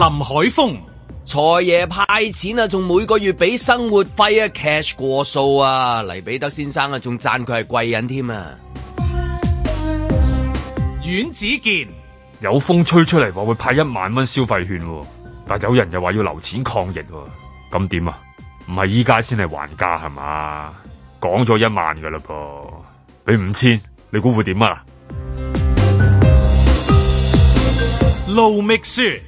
林海峰，財爺派錢啊，仲每個月俾生活費啊，cash 過數啊，黎彼得先生啊，仲讚佢係貴人添啊。阮子健有風吹出嚟話會派一萬蚊消費券，但有人又話要留錢抗疫，咁點啊？唔係依家先係還價係嘛？講咗一萬噶嘞噃，俾五千，你估會點啊？盧覓雪。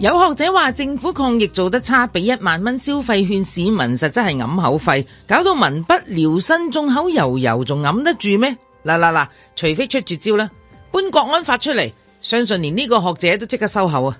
有學者話政府抗疫做得差，俾一萬蚊消費券，市民，實質係揞口費，搞到民不聊生，眾口悠悠，仲揞得住咩？嗱嗱嗱，除非出絕招啦，搬國安法出嚟，相信連呢個學者都即刻收口啊！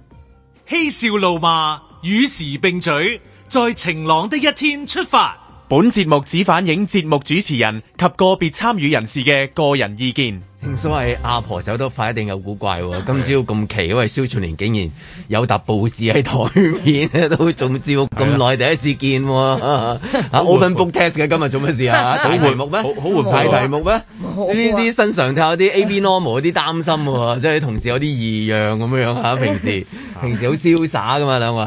嬉笑怒罵，與時並舉，在晴朗的一天出發。本節目只反映節目主持人及個別參與人士嘅個人意見。正所謂阿婆走得快一定有古怪喎，今朝咁奇，因為蕭傳蓮竟然有沓報紙喺台面都都早朝咁耐第一次見。Open book test 嘅今日做乜事啊？ 題目咩？好換 題目咩？呢啲 新常態有啲 abnormal 嗰啲擔心喎， 即係同事有啲異樣咁樣樣吓、啊。平時 平時好瀟灑噶嘛，兩位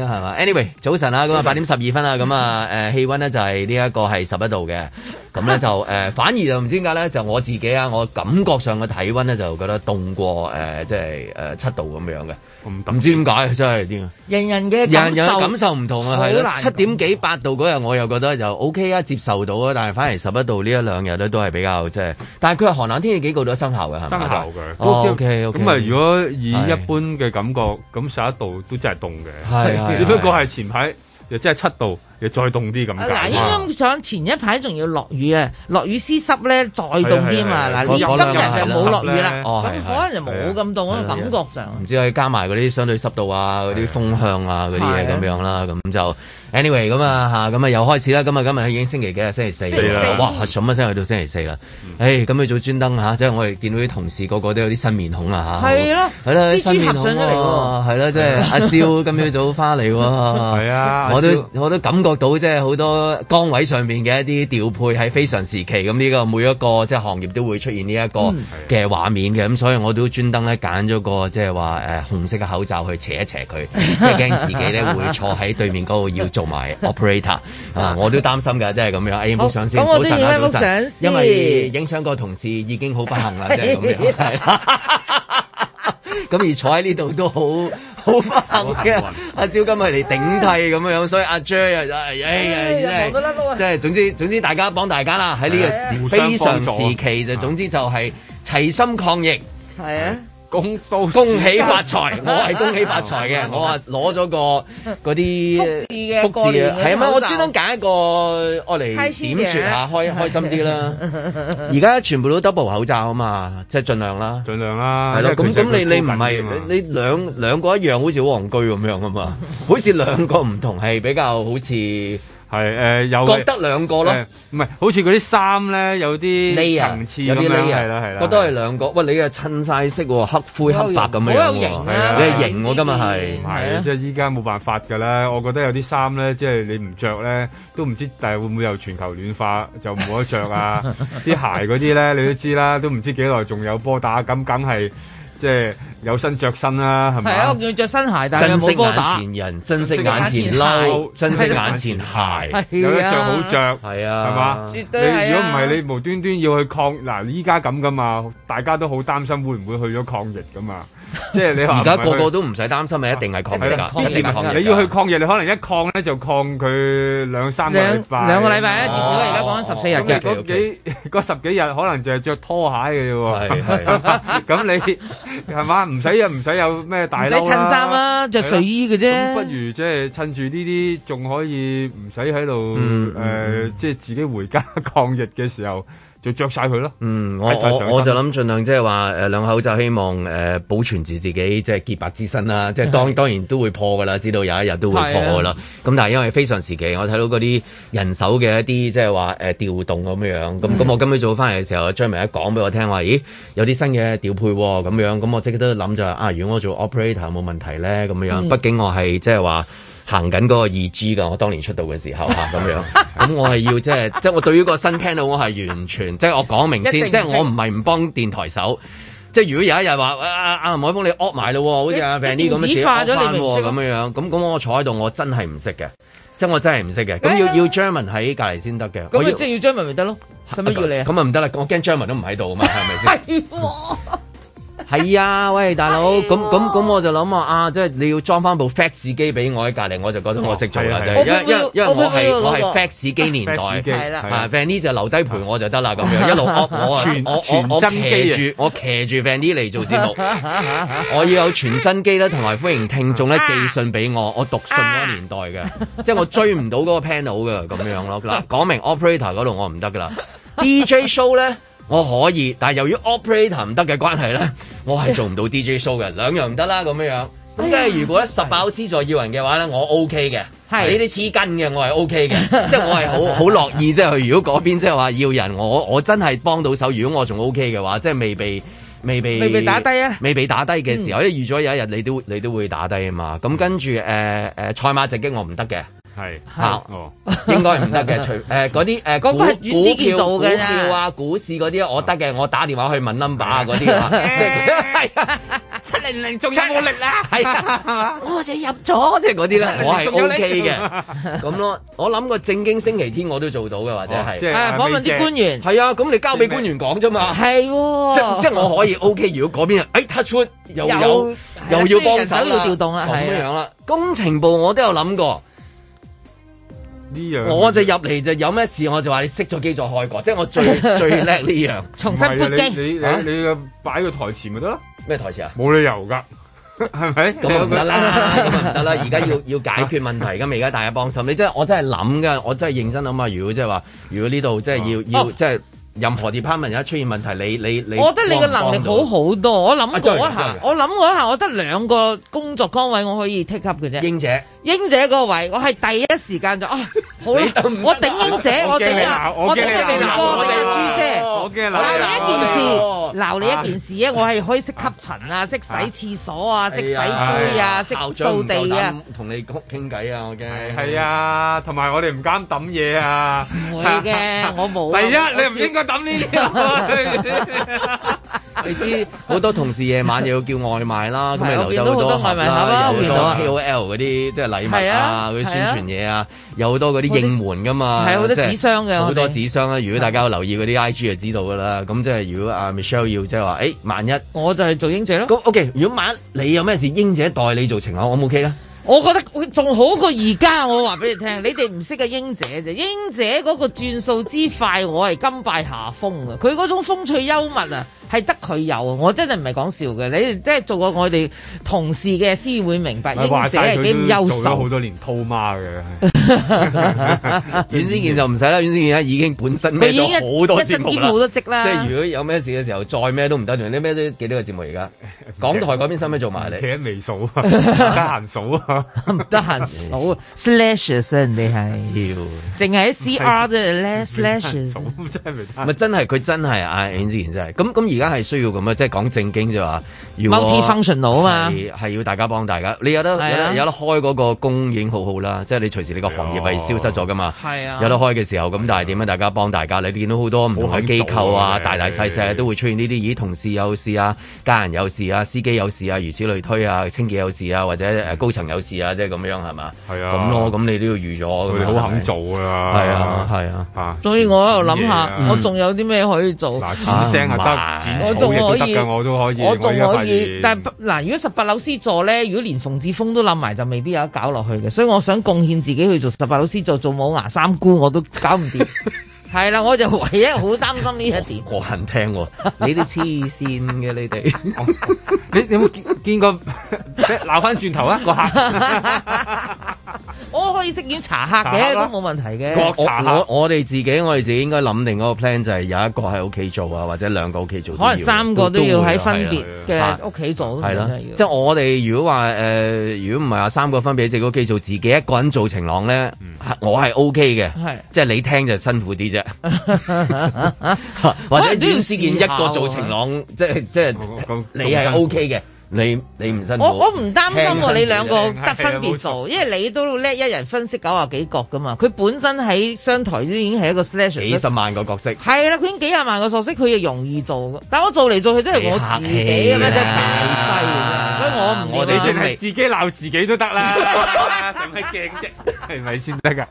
係嘛 ？Anyway，早晨啊，咁啊八點十二分啊，咁啊，誒氣温呢就係呢一個係十一度嘅。咁咧、嗯、就誒、呃，反而就唔知點解咧，就我自己啊，我感覺上個體温咧就覺得凍過誒、呃，即係誒七度咁樣嘅，唔知點解真係點。人人嘅感受唔同啊，係啦，七點幾八度嗰日我又覺得就 OK 啊，接受到啊，但係反而十一度呢一兩日咧都係比較即係。但係佢係寒冷天氣警告到生效嘅，係咪？生效嘅。O K O K。咁啊、哦，如果以一般嘅感覺，咁十一度都真係凍嘅。係係。只不過係前排。又真係七度，又再凍啲咁。嗱、啊，嗯、應該想前一排仲要落雨，雨啊，落、啊啊啊、雨濕濕呢咧，再凍啲嘛。嗱、啊，你今日就冇落雨啦，咁可能就冇咁凍個感覺上，唔知可以加埋嗰啲相對濕度啊，嗰啲風向啊，嗰啲嘢咁樣啦，咁就。anyway 咁、嗯、啊吓，咁、嗯、啊、嗯、又開始啦，咁、嗯、啊今日已經星期幾啊？星期四。哇，一聲去到星期四啦？誒、嗯，咁你、欸嗯、做專登嚇、啊，即係我哋見到啲同事個個都有啲新面孔啊嚇。係咯。係咯、啊。啦新面孔上、啊、啦係即係阿蕉咁日早翻嚟喎。係啊，啊，啊，啊。我都我都感覺到即係好多崗位上面嘅一啲調配係非常時期，咁、啊、呢、這個每一個即係行業都會出現呢一個嘅畫面嘅，咁、嗯、所以我都專登咧揀咗個即係話誒紅色嘅口罩去斜一斜佢，即係驚自己咧會坐喺對面嗰個要做。同埋 operator 啊，我都擔心㗎，即係咁樣，唉冇想先，早晨早晨，因為影響個同事已經好不幸啦，即係咁樣。咁而坐喺呢度都好好不幸嘅，阿蕉今日嚟頂替咁樣，所以阿 Joy 真係，唉即係總之總之大家幫大家啦，喺呢個非常時期就總之就係齊心抗疫，係啊。公恭喜 恭喜發財！我係恭喜發財嘅，我話攞咗個嗰啲。福字福字啊，係啊嘛！我專登揀一個我嚟點綴下，High 開開心啲啦。而家 全部都 double 口罩啊嘛，即係儘量啦，儘量啦。係咯，咁咁你你唔係你你兩兩個一樣，好似戇居咁樣啊嘛， 好似兩個唔同，係比較好似。係誒，有覺得兩個咯，唔係，好似嗰啲衫咧有啲層次咁樣，覺得係兩個。喂，你嘅襯晒色喎，黑灰黑白咁樣喎，你係型喎，今日係係？即係依家冇辦法噶啦。我覺得有啲衫咧，即係你唔着咧，都唔知但係會唔會由全球暖化就冇得着啊？啲鞋嗰啲咧，你都知啦，都唔知幾耐仲有波打，咁梗係。即係有身着身啦，係咪？係啊，要着新鞋，但係冇個打。珍惜眼前人，珍惜眼前褸，珍惜眼前鞋，有得着好着，係啊，係嘛？絕對係啊。你如果唔係你無端端要去抗嗱，依家咁噶嘛，大家都好擔心會唔會去咗抗疫噶嘛。即係你話，而家個個都唔使擔心，一定係抗疫。你要去抗疫，你可能一抗咧就抗佢兩三個禮拜。兩個禮拜至少而家講緊十四日假期。嗰幾嗰十幾日可能就係着拖鞋嘅啫。咁你係嘛？唔使唔使有咩大。唔使襯衫啊，着睡衣嘅啫。不如即係趁住呢啲仲可以唔使喺度誒，即係自己回家抗疫嘅時候。就著晒佢咯。嗯，我我我就諗盡量即係話誒兩口就希望誒、呃、保存住自己即係潔白之身啦。即係當是的當然都會破㗎啦，知道有一日都會破㗎啦。咁的但係因為非常時期，我睇到嗰啲人手嘅一啲即係話誒調動咁樣，咁咁我今朝早翻嚟嘅時候，張明一講俾我聽話，咦有啲新嘅調配咁、啊、樣，咁我即刻都諗就啊，如果我做 operator 有冇問題咧？咁樣，嗯、畢竟我係即係話。行緊個個二 G 㗎，我當年出道嘅時候嚇咁樣咁 我係要即係即係我對於個新 panel，我係完全即係我講明先，即係我唔係唔幫電台手，即係如果有一日話啊啊黃海峰你噏埋咯，好似阿 Ben 啲咁嘅字噏喎，咁樣，咁我坐喺度我真係唔識嘅，即係我真係唔識嘅，咁要要 Jeremy 喺隔離先得嘅，咁即係要 Jeremy 咪得咯，使乜要你？咁啊唔得啦，我驚 Jeremy 都唔喺度啊嘛，係咪先？ 係啊，喂，大佬，咁咁咁，我就諗話啊，即係你要裝翻部 fax 機俾我喺隔籬，我就覺得我識做啦，就因因因為我係我係 fax 機年代，係啦，啊 Vanny 就留低陪我就得啦，咁樣一路我我全真騎住我騎住 Vanny 嚟做節目，我要有傳真機咧，同埋歡迎聽眾咧寄信俾我，我讀信嗰個年代嘅，即係我追唔到嗰個 panel 嘅，咁樣咯，嗱，講明 operator 嗰度我唔得噶啦，DJ show 咧。我可以，但係由於 operator 唔得嘅關係咧，我係做唔到 DJ show 嘅，兩樣唔得啦，咁樣，咁即係如果咧十八樓 C 座要人嘅話咧，我 OK 嘅，係啲黐筋嘅我係 OK 嘅，的即係我係好好樂意即係。如果嗰邊即係話要人，我我真係幫到手。如果我仲 OK 嘅話，即係未被未被未被打低啊，未被打低嘅時候，因為預咗有一日你都你都會打低啊嘛。咁、嗯、跟住誒誒賽馬直擊我唔得嘅。係吓，應該唔得嘅。除誒嗰啲誒，嗰個係股票、股票啊、股市嗰啲，我得嘅。我打電話去問 number 啊，嗰啲啊，即係七零零，仲有冇力啦？係，我就入咗，即係嗰啲啦，我係 O K 嘅，咁咯。我諗個正經星期天，我都做到嘅，或者係誒，訪問啲官員。係啊，咁你交俾官員講啫嘛。係，即即係我可以 O K。如果嗰邊誒突出，又有又要幫手，手要調動啊，咁樣樣啦。工程部我都有諗過。呢樣我就入嚟，就有咩事我就話你熄咗機再開過，即係我最最叻呢樣。重新撥機，你你你擺個台詞咪得咯？咩台詞啊？冇理由噶，係咪？咁唔得啦，咁唔得啦！而家要要解決問題噶，而家大家幫心。你真係我真係諗噶，我真係認真諗啊！如果即係話，如果呢度即係要要即係任何 department 而家出現問題，你你你，我覺得你嘅能力好好多。我諗一下，我諗一下，我得兩個工作崗位我可以 take up 嘅啫。英姐。英姐個位，我係第一時間就啊，好啦，我頂英姐，我頂啊，我頂你鬧，我頂你鬧，我頂朱姐。我驚鬧啊！鬧你一件事，鬧你一件事啊！我係可以識吸塵啊，識洗廁所啊，識洗杯啊，識掃地啊。校長唔夠膽同你傾傾偈啊！我驚係啊，同埋我哋唔敢抌嘢啊。唔會嘅，我冇。第一，你唔應該抌呢啲。你知好多同事夜晚又要叫外賣啦，咁咪留到好多外賣盒咯，好多 KOL 嗰啲都係。禮物啊，佢、啊啊、宣傳嘢啊，有好多嗰啲應援噶嘛，係好多紙箱嘅，好多紙箱啊！Okay, 如果大家有留意嗰啲 I G 就知道噶啦。咁、啊、即係如果阿 Michelle 要即係話，誒、哎，萬一我就係做英姐咯。咁 OK，如果萬一你有咩事，英姐代你做情況，我冇 OK 啦。我覺得仲好過而家，我話俾你聽，你哋唔識嘅英姐啫。英姐嗰個轉數之快，我係甘拜下風啊。佢嗰種風趣幽默啊，係得。佢有，我真係唔係講笑嘅。你即係做過我哋同事嘅，先會明白英姐係幾優秀。做咗好多年拖媽嘅，阮之健就唔使啦。阮之健已經本身孭咗好多節目啦。即係如果有咩事嘅時候，再咩都唔得。你咩都幾多個節目而家？港台嗰邊使唔使做埋你？企微數啊，得閒數啊，得閒數啊，slashes 人哋係要，淨係喺 cr 即 slashes。真唔係真係，佢真係啊！阮之健真係咁咁，而家係需要咁啊，即係講正經就話。Multifunctional 啊嘛，係要大家幫大家。你有得有得開嗰個公演好好啦，即係你隨時你個行業係消失咗噶嘛。係啊，有得開嘅時候咁，但係點呀？大家幫大家，你見到好多唔同嘅機構啊，大大細細都會出現呢啲。咦，同事有事啊，家人有事啊，司機有事啊，如此類推啊，清潔有事啊，或者誒高層有事啊，即係咁樣係嘛？係啊，咁咯，咁你都要預咗。佢好肯做啦。係啊，係啊。所以我喺度諗下，我仲有啲咩可以做？聲得。都可以我都可以，我仲可以，但係嗱，如果十八樓師座咧，如果連馮志峰都冧埋，就未必有得搞落去嘅。所以我想貢獻自己去做十八樓師座，做冇牙三姑我都搞唔掂。 係啦，我就唯一好擔心呢一點。我肯聽、哦，你都黐線嘅你哋。你有冇見，見過？鬧翻轉頭啊！個客，我可以識點查客嘅，客都冇問題嘅。我查客，我哋自己，我哋自己應該諗定嗰個 plan，就係有一個喺屋企做啊，或者兩個屋企做，可能三個都要喺分別嘅屋企做。係啦的，即係我哋如果話誒、呃，如果唔係話三個分別喺自己屋企做，自己一個人做情郎咧，嗯、我係 O K 嘅。是的即係你聽就辛苦啲 啊啊、或者都要視件一,一個做晴朗、啊，即係即係你係 O K 嘅，你你唔辛苦我我唔擔心喎，你兩個得分別做，因為你都叻，一人分析九啊幾角噶嘛。佢本身喺商台都已經係一個幾十萬個角色，係啦，佢已經幾十萬個角色，佢又容易做。但係我做嚟做去都係我自己咁樣，真係大劑。我哋仲係自己鬧自己都得啦，成係鏡啫，係咪先得噶？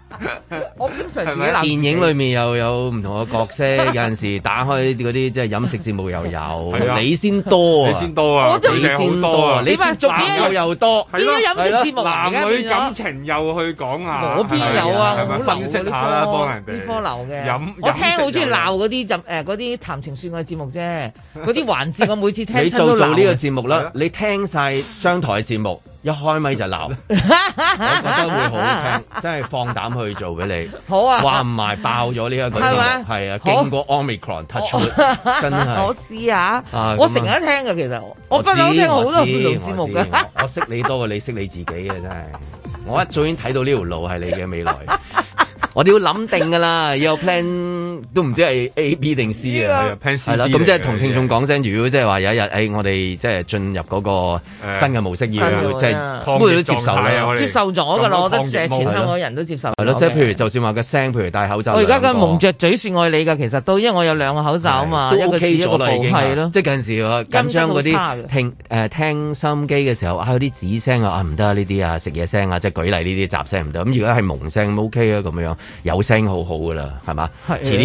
我經常自己鬧。電影裏面又有唔同嘅角色，有陣時打開啲嗰啲即係飲食節目又有，你先多啊，你先多啊，你先多啊，你話做邊？又多點解飲食節目男女感情又去講啊？我邊有啊？我分析下啦，幫人哋。科流嘅飲，我聽好中意鬧嗰啲誒嗰啲談情說愛嘅節目啫，嗰啲環節我每次聽親都兩。做呢個節目啦，你聽晒。商台節目一開咪就鬧， 我覺得會好好聽，真係放膽去做俾你。好啊，話唔埋爆咗呢一句，係咪？係啊，經過 Omicron touch，真係。我試下，我成日聽噶其實我不嬲聽好多唔同節目噶我，我，我，我，我識你多過你 識你自己嘅，真係。我一早已經睇到呢條路係你嘅未來，我哋要諗定噶啦，要有 plan。都唔知係 A、B 定 C 啊，係啦，咁即係同聽眾講聲，如果即係話有一日，誒，我哋即係進入嗰個新嘅模式要，即係，不如都接受接受咗噶啦，我覺得借錢香港人都接受，係即係譬如就算話個聲，譬如戴口罩，我而家嘅蒙着嘴示愛你噶，其實都，因為我有兩個口罩啊嘛，一個 k 咗啦，已經係咯，即係有陣時緊張嗰啲聽，誒，聽收音機嘅時候啊，有啲紙聲啊，唔得啊呢啲啊，食嘢聲啊，即係舉例呢啲雜聲唔得，咁如果係蒙聲 OK 啊，咁樣有聲好好噶啦，係嘛，遲啲。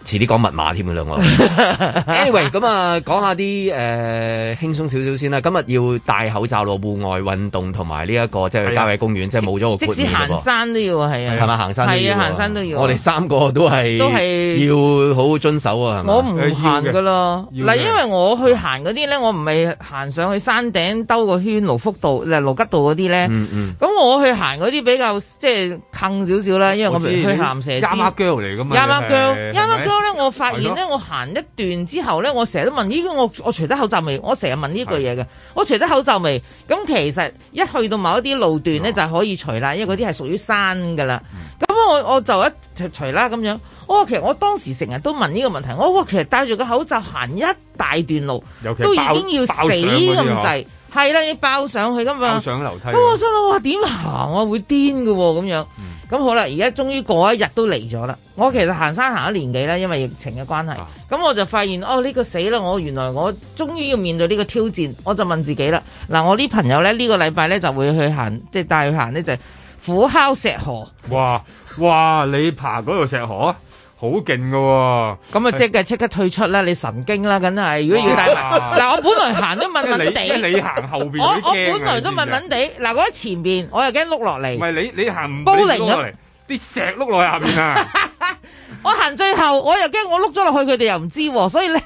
遲啲講密碼添噶啦我，anyway 咁啊，講下啲誒輕鬆少少先啦。今日要戴口罩咯，戶外運動同埋呢一個即係郊野公園，即係冇咗個，即使行山都要係啊，係嘛行山都要，我哋三個都係都係要好好遵守啊。我唔行噶咯，嗱，因為我去行嗰啲咧，我唔係行上去山頂兜個圈盧福道，盧吉道嗰啲咧，咁我去行嗰啲比較即係坑少少啦，因為我去行蛇嚟噶嘛，咁我發現咧，的我行一段之後咧，我成日都問：呢個我我除得口罩未？我成日問呢句嘢嘅。的我除得口罩未？咁其實一去到某一啲路段咧，就可以除啦，因為嗰啲係屬於山噶啦。咁我的我就一除除啦咁樣。我其實我當時成日都問呢個問題。我其實戴住個口罩行一大段路，都已經要死咁滯。係啦，要包上去噶嘛，包上樓梯。咁我心諗，我話點行啊？會癲噶咁樣。咁、嗯、好啦，而家終於過一日都嚟咗啦。我其實行山行咗年幾啦，因為疫情嘅關係。咁、啊、我就發現，哦呢、這個死啦！我原來我終於要面對呢個挑戰。我就問自己啦，嗱，我呢朋友咧呢、這個禮拜咧就會去行，即係帶佢行呢就虎敲石河。哇哇！你爬嗰度石河啊？好勁㗎，咁啊即刻即刻退出啦！你神經啦，梗係如果要帶埋嗱，我本來行都問問地，即係你行後邊，我我本來都問問地，嗱我喺前邊，我又驚碌落嚟，唔係你你行唔碌落嚟，啲石碌落去下邊啊！我行最後，我又驚我碌咗落去，佢哋又唔知，所以咧，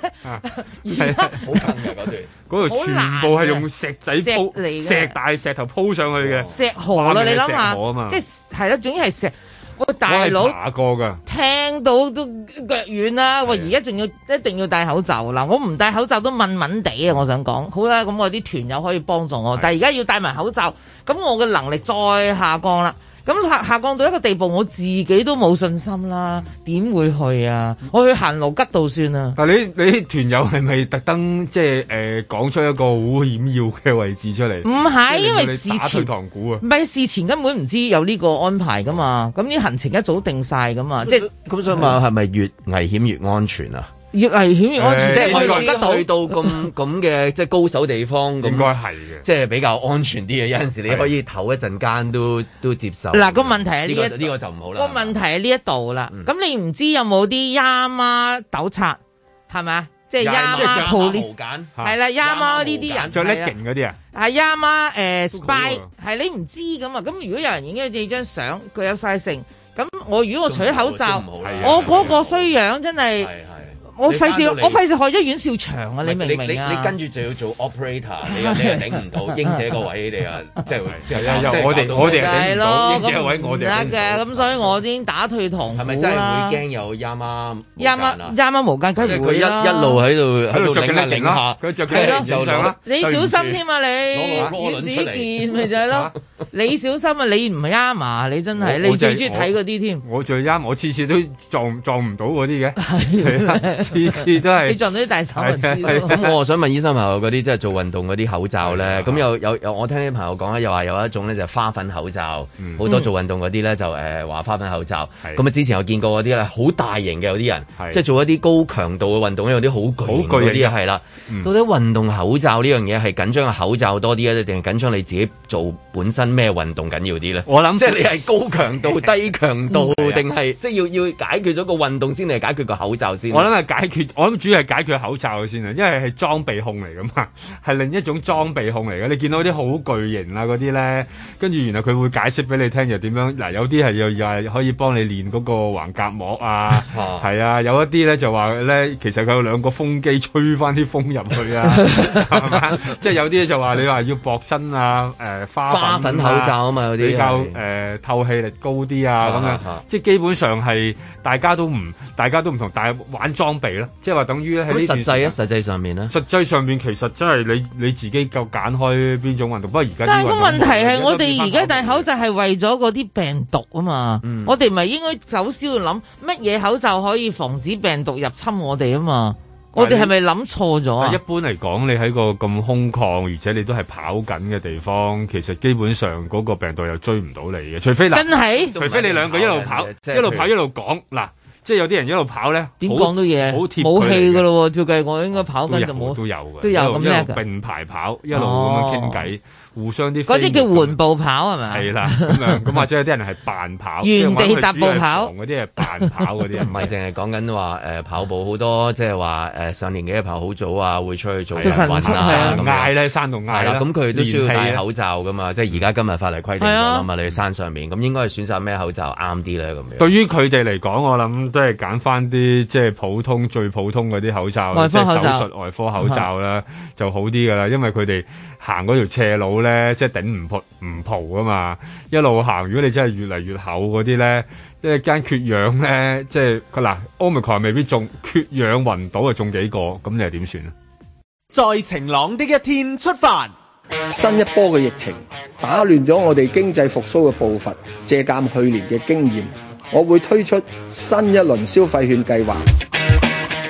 係啊，好坑嘅嗰段，嗰條全部係用石仔鋪嚟，石大石頭鋪上去嘅石河啦，你諗下，即係係咯，總之係石。喂大佬，打過㗎，聽到都腳軟啦！喂，而家仲要一定要戴口罩啦！我唔戴口罩都悶悶哋啊！我想講，好啦，咁我啲團友可以幫助我，的但係而家要戴埋口罩，咁我嘅能力再下降啦。咁下降到一個地步，我自己都冇信心啦，點會去啊？我去行盧吉道算啊。但係你你啲團友係咪特登即係誒講出一個好險要嘅位置出嚟？唔係是，因為事前唔係事前根本唔知有呢個安排噶嘛。咁啲、哦、行程一早定晒噶嘛，嗯、即係咁想問係咪越危險越安全啊？越危險越安全，即係去到去到咁咁嘅即係高手地方，應該係嘅，即係比較安全啲嘅。有陣時你可以唞一陣間都都接受。嗱，個問題喺呢一呢個就唔好啦。個問題喺呢一度啦。咁你唔知有冇啲啱啊抖擦係咪？即係啱啊，police 揀係啦，啱啊，呢啲人最叻勁嗰啲啊，係啱啊。誒 spy 係你唔知咁啊。咁如果有人影咗你張相，佢有晒性，咁我如果我取口罩，我嗰個衰樣真係。我費事，我費事害咗阮兆祥啊！你明唔明啊？你跟住就要做 operator，你啊你啊頂唔到英姐個位你啊，即係即係又我哋我哋係頂唔到英姐個位，我哋係頂唔到。咁所以我已先打退堂。係咪真係會驚有啱啱啱啱無間？即係佢一一路喺度喺度頂下，佢着緊你你小心添啊！你葉子健咪就係咯，你小心啊！你唔係啱啊！你真係你最中意睇嗰啲添。我最啱，我次次都撞撞唔到嗰啲嘅。次次都係你撞到啲大手。咁我想問醫生朋友，嗰啲即係做運動嗰啲口罩咧，咁有有有，我聽啲朋友講咧，又話有一種咧就花粉口罩，好多做運動嗰啲咧就誒話花粉口罩。咁啊之前我見過嗰啲咧好大型嘅有啲人，即係做一啲高強度嘅運動有啲好巨嗰啲係啦。到底運動口罩呢樣嘢係緊張個口罩多啲咧，定係緊張你自己做本身咩運動緊要啲咧？我諗即係你係高強度、低強度定係即係要要解決咗個運動先定係解決個口罩先？我解決我諗主要係解決口罩先啊，因為係裝備控嚟噶嘛，係另一種裝備控嚟嘅。你見到啲好巨型啊嗰啲咧，跟住然後佢會解釋俾你聽，又點樣嗱？有啲係又又係可以幫你練嗰個橫隔膜啊，係 啊，有一啲咧就話咧，其實佢有兩個風機吹翻啲風入去啊， 即係有啲就話你話要薄身啊，呃、花粉啊花粉口罩啊嘛，嗰啲比較是、呃、透氣力高啲啊咁 樣， 即係基本上係大家都唔大家都唔同，玩裝即係話等於喺呢段實際啊，實際上面咧，實際上面其實真係你你自己夠揀開邊種運動，不過而家但係個問題係我哋而家戴口罩係為咗嗰啲病毒啊嘛，嗯、我哋咪應該首先要諗乜嘢口罩可以防止病毒入侵我哋啊嘛，是我哋係咪諗錯咗啊？一般嚟講，你喺個咁空曠而且你都係跑緊嘅地方，其實基本上嗰個病毒又追唔到你嘅，除非真係的，除非你兩個一路跑，跑，跑一路跑一路講嗱。即係有啲人一路跑咧，點講都嘢，好貼冇氣㗎咯喎。照計我應該跑緊就冇，都有嘅，都有咁路樣嘅。並排跑，一路咁樣傾偈。哦互相啲，嗰啲叫緩步跑係咪？係啦，咁或者有啲人係慢跑，原地踏步跑嗰啲係慢跑嗰啲，唔係淨係講緊話誒跑步好多，即係話誒上年紀嘅朋友好早啊，會出去做晨運啊咁嗌咧山度嗌啦，咁佢都需要戴口罩噶嘛，即係而家今日法例規定咗啦嘛，你去山上面咁應該係選擇咩口罩啱啲咧咁樣？對於佢哋嚟講，我諗都係揀翻啲即係普通最普通嗰啲口罩，即係手術外科口罩啦就好啲㗎啦，因為佢哋行嗰條斜路。咧，即係頂唔浦唔浦啊嘛！一路行，如果你真係越嚟越厚嗰啲咧，即係間缺氧咧，即係嗱，Omicron 未必中，缺氧暈倒啊，中幾個咁你係點算？再在晴朗的一天出發，新一波嘅疫情打亂咗我哋經濟復蘇嘅步伐。借鑒去年嘅經驗，我會推出新一輪消費券計劃，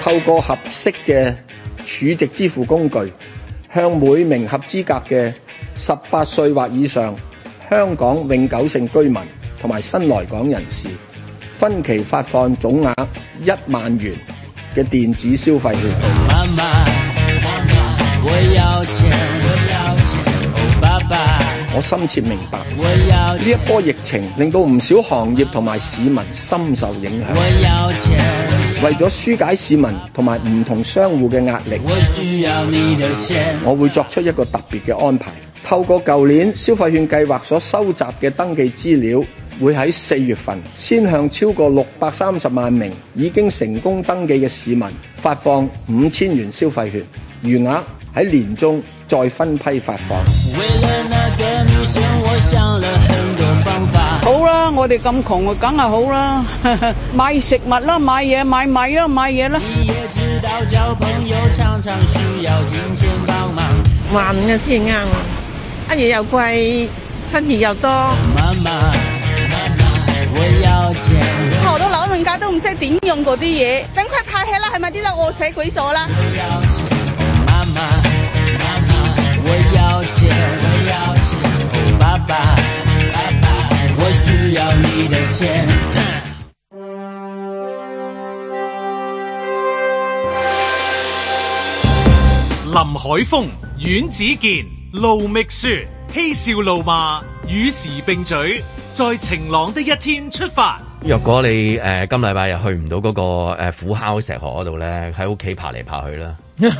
透過合適嘅儲值支付工具，向每名合資格嘅。十八歲或以上，香港永久性居民同埋，新來港人士，分期發放總額一萬元嘅電子消費券。我深切明白呢一波疫情令到唔少行業同埋市民深受影響。為咗紓解市民同埋唔同商戶嘅壓力，我，我會作出一個特別嘅安排。透過舊年消費券計劃所收集嘅登記資料，會喺四月份先向超過六百三十萬名已經成功登記嘅市民發放五千元消費券，餘額喺年中再分批發放。好啦，我哋咁窮啊，梗係好啦， 買食物啦，買嘢買米啦，買嘢啦。先啱阿嘢又貴，生意又多。好多老人家都唔識點用嗰啲嘢。等佢太起啦，係咪？啲都惡死鬼咗啦。林海峰、阮子健。盧覓雪，嬉笑怒罵與時並嘴，在晴朗的一天出發。若果你誒、呃、今禮拜日去唔到嗰個誒、呃、虎哮石河嗰度咧，喺屋企爬嚟爬去啦。 因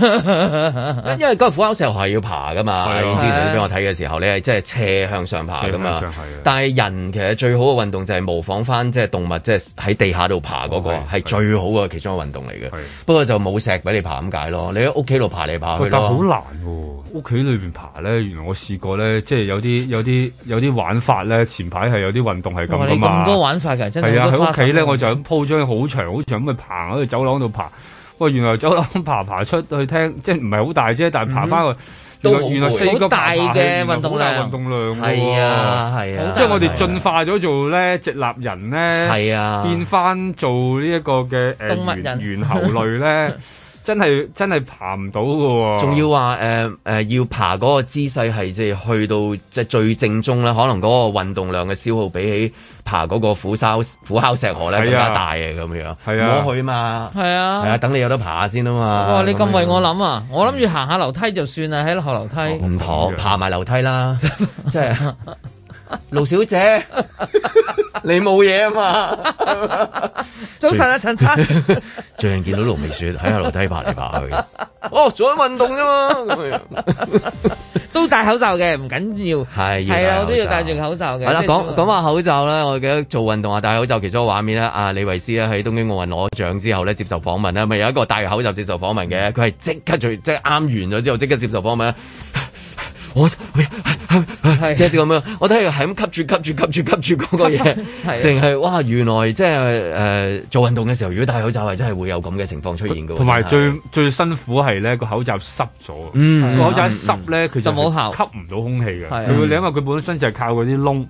為嗰個虎口石頭係要爬噶嘛，阿燕之前俾我睇嘅時候，你係即係斜向上爬噶嘛。但係人其實最好嘅運動就係模仿翻即係動物，即係喺地下度爬嗰個係最好嘅其中一個運動嚟嘅。啊啊啊、不過就冇石俾你爬咁解咯。你喺屋企度爬嚟爬去，但好難喎、啊，屋企裏邊爬咧。原來我試過咧，即係有啲有啲有啲玩法咧。前排係有啲運動係咁㗎嘛。咁多玩法㗎，真係。係啊，喺屋企咧，我就咁鋪張好長好長咁去爬喺條走廊度爬。喂，原來走廊爬爬出去聽，即係唔係好大啫，但係爬翻去，原來四個大嘅運動量，運動量，係啊，係啊，大即係我哋進化咗做咧直立人咧，係啊、變翻做呢一個嘅誒動物猿猴類咧。 真係真係爬唔到㗎喎，啊，仲要話誒、呃呃、要爬嗰個姿勢係即係去到即係最正宗咧，可能嗰個運動量嘅消耗比起爬嗰個虎吼虎吼石河咧更加大嘅咁，啊、樣，唔好，啊、去嘛，係啊，係啊，等你有得爬先啊嘛，哇！你咁為我諗啊，樣我諗住行下樓梯就算啦，喺後樓梯唔，哦、妥，爬埋樓梯啦，即係 是。 盧小姐， 你冇嘢啊嘛？早晨啊，陳生最 真， 最近見到盧美雪喺下樓梯爬嚟爬去，哦，做緊運動啫嘛， 都戴口罩嘅，唔緊要，係係啊，我都要戴住口罩嘅。啦，講講下口罩啦，我記得做運動啊，戴口罩。其中一個畫面啦阿、啊、李維斯喺東京奧運攞獎之後咧，接受訪問啦咪、就是、有一個戴住口罩接受訪問嘅，佢係即刻就，即係啱完咗之後即刻接受訪問。我即係咁樣，我睇，係係咁吸住吸住吸住吸住嗰個嘢，淨係 是的 哇，原來即係誒做運動嘅時候，如果戴口罩係真係會有咁嘅情況出現㗎。同埋有最最辛苦係咧個口罩濕咗，個、嗯、口罩濕咧佢就冇效吸唔到空氣嘅，嗯、因為佢本身就係靠嗰啲窿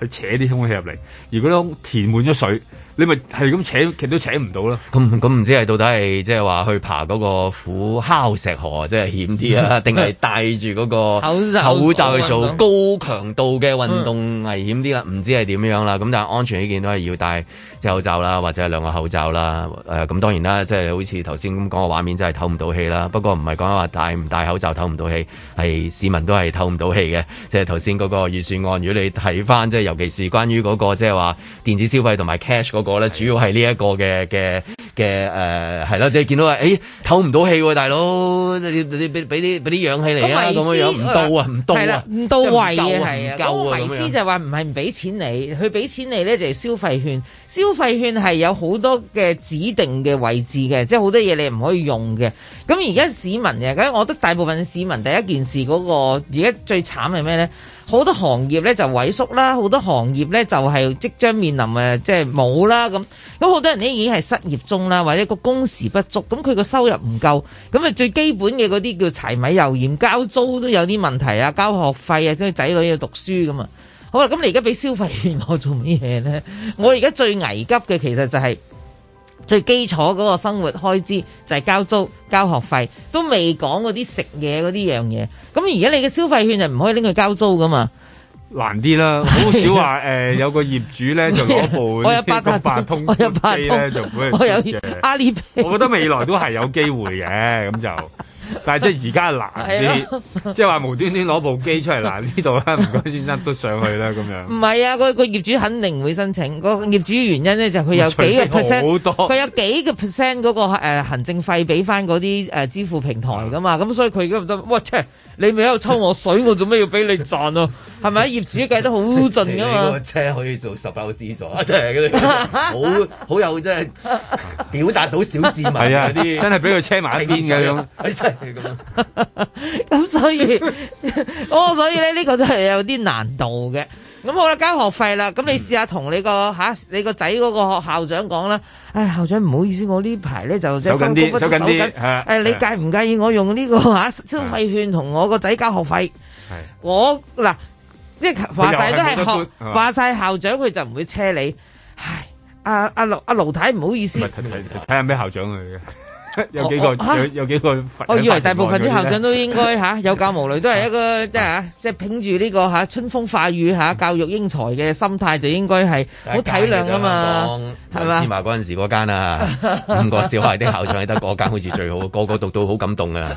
去扯啲空氣入嚟，如果窿填滿咗水。你咪係咁扯，其實都扯唔到啦。咁咁唔知係到底係即係話去爬嗰個虎敲石河，即係險啲啊，定係戴住嗰個口罩去做高強度嘅運動危險啲啦？唔知係點樣啦。咁但係安全起見都係要戴。口罩啦，或者兩個口罩啦，誒、呃、咁當然啦，即係好似頭先咁講嘅畫面，真係透唔到氣啦。不過唔係講話戴唔戴口罩透唔到氣，係市民都係透唔到氣嘅。即係頭先嗰個預算案，如果你睇翻，即係尤其是關於嗰個即係話電子消費同埋 cash 嗰個咧，的主要係呢一個嘅嘅。嘅誒係啦，即係、呃、見到話，誒唞唔到氣喎，大佬你俾俾啲俾啲氧氣嚟啊，咁樣樣唔到啊，唔到啊，唔到位啊，唔夠啊，嗰個維斯樣就話唔係唔俾錢你，佢俾錢你咧就係、係、消費券，消費券係有好多嘅指定嘅位置嘅，即係好多嘢你唔可以用嘅。咁而家市民嘅，咁我覺得大部分市民第一件事嗰、嗰個，而家最慘係咩咧？好多行業咧就萎縮啦，好多行業咧就係即將面臨啊即係冇啦咁。咁好多人呢已經係失業中啦，或者個工時不足，咁佢個收入唔夠，咁啊最基本嘅嗰啲叫柴米油鹽交租都有啲問題啊，交學費啊，即係仔女要讀書咁啊。好啦，咁你而家俾消費券我做乜嘢咧？我而家最危急嘅其實就係。最基礎嗰個生活開支就係、是、交租、交學費，都未講嗰啲食嘢嗰啲樣嘢。咁而家你嘅消費券就唔可以拎去交租㗎嘛？難啲啦，好少話誒、 呃，有個業主咧就攞部 我有八達通，我有八達通就唔可以我有，我,有阿我覺得未來都係有機會嘅，咁 就。但係即係而家係難啲，是啊、即係話無端端攞部機出嚟，嗱呢度啦。唔該，先生都上去啦咁樣。唔係啊，個、那個業主肯定唔會申請。那個業主原因咧就佢、是、有幾個 percent，好多。佢有幾個 percent 嗰個行政費俾翻嗰啲誒支付平台噶嘛，咁是、啊、所以佢嗰個哇，喂你咪喺度抽我水，我做咩要俾你賺啊？係咪啊？業主計得好盡啊。嘛。你個車可以做十八個字咗，真係啲好好有即係、就是、表達到小市民啊，啲，真係俾佢車埋一邊咁、啊、樣。咁所以，哦，所以咧呢、這個都係有啲難度嘅。咁好啦，交學費啦。咁你試下同你個吓、嗯啊，你個仔嗰個學校長講啦。唉、哎，校長唔好意思，我呢排咧就即係三公不守、啊啊啊、你介唔介意我用呢、這個吓消費券同我個仔交學費？係、啊、我嗱，即係話晒都係學話晒、啊、校長佢就唔會車你。唉，阿阿盧阿盧太唔好意思，睇下咩校長佢嘅。有幾個？有幾個？我以為大部分啲校長都應該有教無類，都係一個即係即係憑住呢個春風化雨教育英才嘅心態，就應該係好體諒啊嘛，係嘛？黐馬嗰陣時嗰間啊，五個小孩啲校長得嗰間好似最好，個個讀到好感動啊！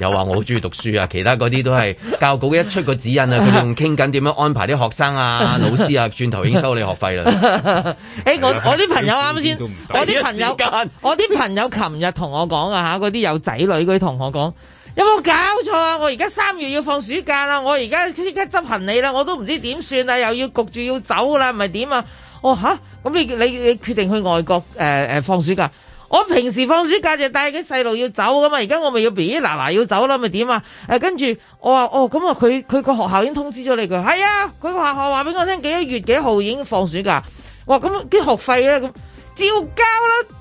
又話我好中意讀書啊，其他嗰啲都係教育局一出個指引啊，佢哋仲傾緊點樣安排啲學生啊、老師啊，轉頭已經收你學費啦。誒，我我啲朋友啱先，我啲朋友，我啲朋友琴日同我。我講啊吓，嗰啲有仔女嗰啲同學講，有冇搞錯啊？我而家三月要放暑假啦，我而家即刻執行李啦，我都唔知點算啊！又要焗住要走啦，唔係點啊？哦吓，咁你你你決定去外國誒誒、呃、放暑假？我平時放暑假就帶啲細路要走噶嘛，而家我咪要爺爺嗱要走啦，咪點啊？誒，跟住我話哦，咁啊，佢佢個學校已經通知咗你佢係啊，佢個學校話俾我聽幾多月幾號已經放暑假，哇，咁啲學費咧咁照交啦，啊。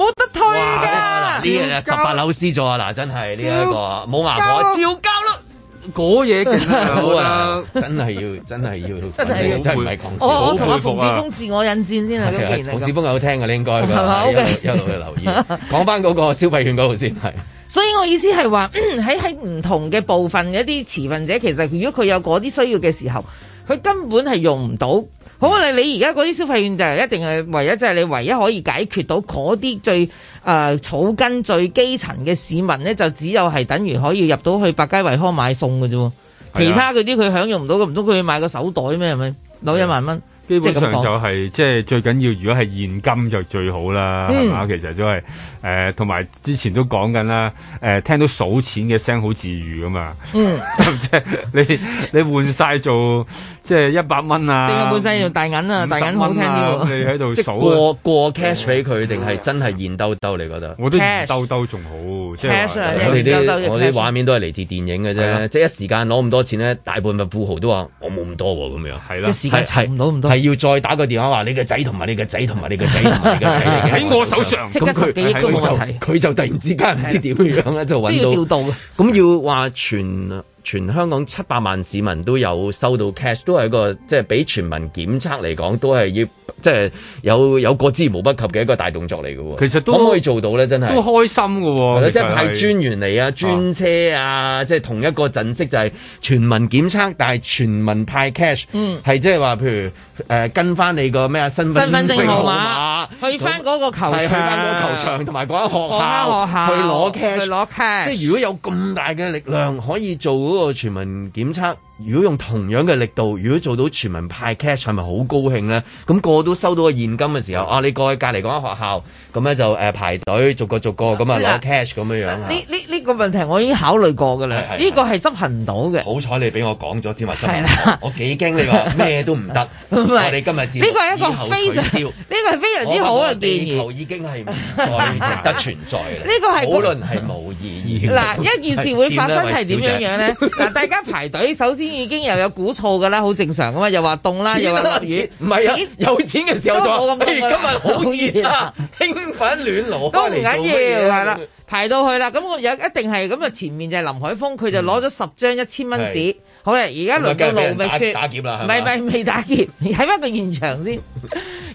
冇得退噶，呢十八樓 C 座啊！嗱，真係呢一個冇牙婆照交咯，嗰嘢勁到啊！真係要，真係要，真係要，真唔係講笑。我我同阿馮志峰自我引薦先啊，馮志峰有聽噶，你應該係嘛？好嘅，留意講翻嗰個消費券嗰度先係。所以我意思係話，喺喺唔同嘅部分一啲持份者，其實如果佢有嗰啲需要嘅時候，佢根本係用唔到。好啊！你你而家嗰啲消費券就係一定係唯一，即係你唯一可以解決到嗰啲最誒草根最基層嘅市民咧，就只有係等於可以入到去百佳維康買餸嘅啫。其他嗰啲佢享用唔到，咁唔通佢去買個手袋咩？係咪攞一萬蚊？基本上就係即係最緊要，如果係現金就最好啦，係嘛？嗯？其實都係誒，同埋之前都講緊啦，誒聽到數錢嘅聲好治愈啊嘛。嗯，即係 你你換晒做。 即係一百蚊啊！啲本身要大銀啊，大銀好聽啲喎。你喺度數啊？過過 cash 俾佢定係真係現兜兜？你覺得？我都現兜兜仲好。cash 啲，我啲畫面都係嚟自電影嘅啫。即係一時間攞咁多錢咧，大部份富豪都話我冇咁多喎咁樣。係啦，一時間攞咁多，係要再打個電話話你個仔同埋你個仔同埋你個仔，你個仔喺我手上。咁佢佢就佢就突然之間唔知點樣咧，就揾到。都要調動嘅。咁要話全。全香港七百萬市民都有收到 cash，都係一個即係俾全民檢測嚟講都係要即係有有過之無不及嘅一個大動作嚟嘅。其實都可唔可以做到咧？真係都開心嘅喎。即係派專員嚟啊，專、啊、車啊，啊即係同一個陣式就係全民檢測，但係全民派 cash，嗯，係即係話譬如誒、呃、跟翻你個咩啊身份身份證號碼。去返嗰個球場，的去返嗰個球場同埋嗰間學校，學校去攞 cash，去攞 cash。即係如果有咁大嘅力量，可以做嗰個全民檢測。如果用同樣嘅力度，如果做到全民派 cash 係咪好高興咧？咁、那個個都收到個現金嘅時候，啊你過去隔離嗰間學校，咁咧就誒排隊逐個逐個咁啊攞 cash 咁樣樣呢，呢呢個問題我已經考慮過㗎啦，呢的個係執行唔到嘅。好彩你俾我講咗先話執行唔到，的我幾驚你話咩都唔得，我哋 是今日只呢個係一個非常，呢個係非常之好嘅建議。地球已經係唔再值得存在啦，呢 個係討論係無意義。嗱一件事會發生係點樣樣咧？嗱小， 大家排隊首先。已經又有鼓噪噶啦，好正常噶嘛？又話凍啦，又話落雨，唔係，有錢嘅時候就，冇咦，今日好熱啊，興奮暖爐都唔緊要，係啦，排到去啦，咁我有一定係咁啊，前面就係林海峰，佢就攞咗十張一千蚊紙，好啦，而家輪到盧覓雪，打劫唔係未打劫，喺翻個現場先。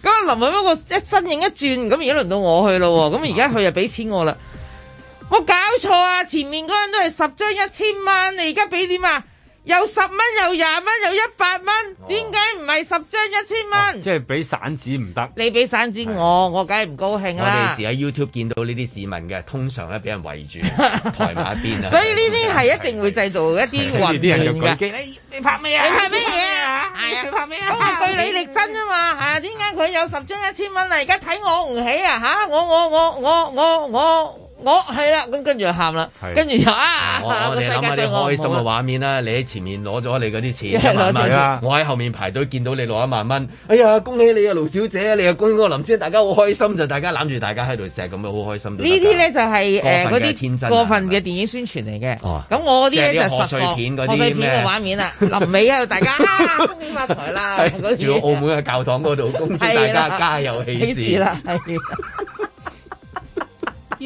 咁啊，林海峰個一身影一轉，咁而家輪到我去咯，咁而家佢又俾錢我啦，我搞錯啊！前面嗰人都係十張一千蚊，你而家俾點啊？有十蚊，有廿蚊，有一百蚊，點解唔係十張一千蚊？即係俾散紙唔得。你俾散紙我，我梗係唔高興啦。我哋時喺 YouTube 見到呢啲市民嘅，通常咧俾人圍住台馬邊啊。所以呢啲係一定會製造一啲混亂嘅。你拍咩啊？你拍咩嘢？係啊，你拍咩啊？嗰個據理力爭啊嘛，吓，點解佢有十張一千蚊，你而家睇我唔起啊？吓，我我我我我我。我我我係啦，咁跟住就喊啦，跟住就啊我，你諗下你開心嘅畫面啦，你喺前面攞咗你嗰啲錢，我喺後面排隊見到你攞一萬蚊，哎呀恭喜你啊盧小姐，你又恭喜林先，大家好開心，就大家攬住大家喺度錫咁啊好開心。呢啲咧就係誒嗰啲過分嘅電影宣傳嚟嘅，咁我啲咧就賀歲片嗰啲咩畫面啦，臨尾啊大家恭喜發財啦，仲有澳門嘅教堂嗰度，恭祝大家家有喜事啦，係。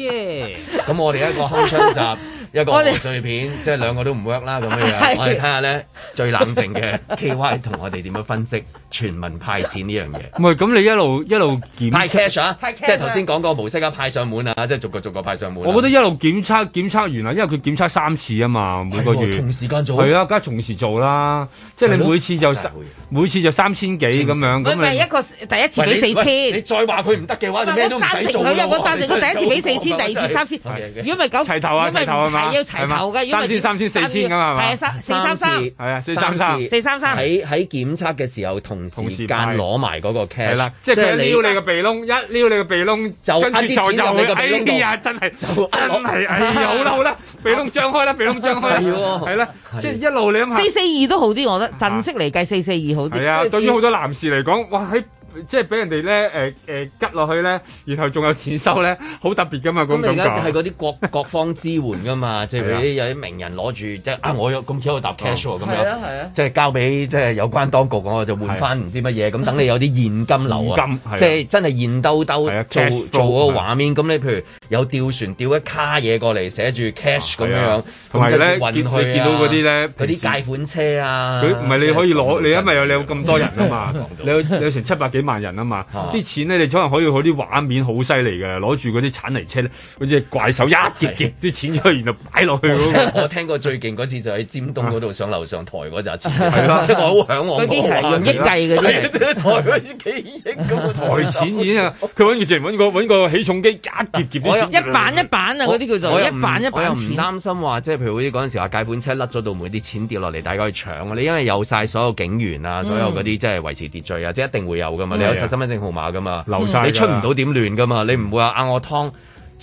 咁 Yeah. 我哋一個空窗集。一個破碎片，即係兩個都唔 work 啦，咁樣樣。我哋睇下咧，最冷靜嘅 K Y 同我哋點樣分析全民派錢呢樣嘢。唔係，咁你一路一路檢測，即係頭先講個模式啊，派上門啊，即係逐個逐個派上門。我覺得一路檢測，檢測完啦，因為佢檢測三次啊嘛，每個月。同時間做。係啊，梗係同時做啦，即係你每次就三，每次就三千幾咁樣咁，第一個第一次俾四千，你再話佢唔得嘅話，你聽都唔睇佢一個第一次俾四千，第二次三千，如果係齊頭啊，齊頭係要齊頭嘅，三千三千四千咁嘛。係啊，四三三，係啊，四三三，四三三。喺喺檢測嘅時候同時間攞埋嗰個 K，係啦，即係撩你個鼻窿，一撩你個鼻窿就，啲錢你都冇。哎呀，真係，就真係，哎呀，好啦好啦，鼻窿張開啦，鼻窿張開，係啦，即係一路你咁。四四二都好啲，我覺得陣式嚟計四四二好啲。係啊，對於好多男士嚟講，哇喺。即係俾人哋咧，誒誒拮落去咧，然後仲有錢收咧，好特別噶嘛咁。咁你而家係嗰啲各各方支援噶嘛，即係俾有啲名人攞住，即係啊我有咁幾多沓 cash 喎咁樣，即係交俾即係有關當局，我就換翻唔知乜嘢。咁等你有啲現金流啊，即係真係現兜兜做做嗰個畫面。咁你譬如有吊船吊一卡嘢過嚟，寫住 cash 咁樣樣，同埋咧見見到嗰啲咧嗰啲解款車啊，佢唔係你可以攞你，因為有你有咁多人啊嘛，你你成七百幾幾萬人啊嘛！啲錢咧，你可能可以嗰啲畫面好犀利嘅，攞住嗰啲鏟泥車咧，嗰隻怪獸一劫劫啲錢出去，然後擺落去。我聽過最勁嗰次就喺尖東嗰度上樓上台嗰紮錢，係咯，即係我好向往嗰啲係用億計嗰啲，台嗰啲幾億咁台。係錢錢啊！佢揾佢自然揾個揾個起重機一劫劫啲錢一板一板啊！嗰啲叫做一板一板。我又唔擔心話，即係譬如嗰啲嗰陣時阿解款車甩咗到，每啲錢跌落嚟，大家去搶，你因為有晒所有警員啊，所有嗰啲即係維持秩序啊，即一定會有嘅。你有晒身份證號碼噶嘛？留晒你出唔到點亂噶嘛？你唔會話掹我湯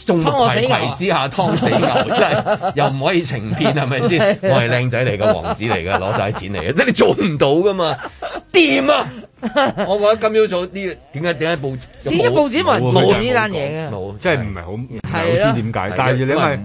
仲幫我死維之下湯死牛，真係又唔可以情騙係咪先？我係靚仔嚟噶，王子嚟噶，攞曬錢嚟嘅，即係你做唔到噶嘛？掂啊！我覺得今朝早啲點解點解報點解報紙冇呢單嘢啊？冇，即係唔係好？係咯，知點解？但係你因為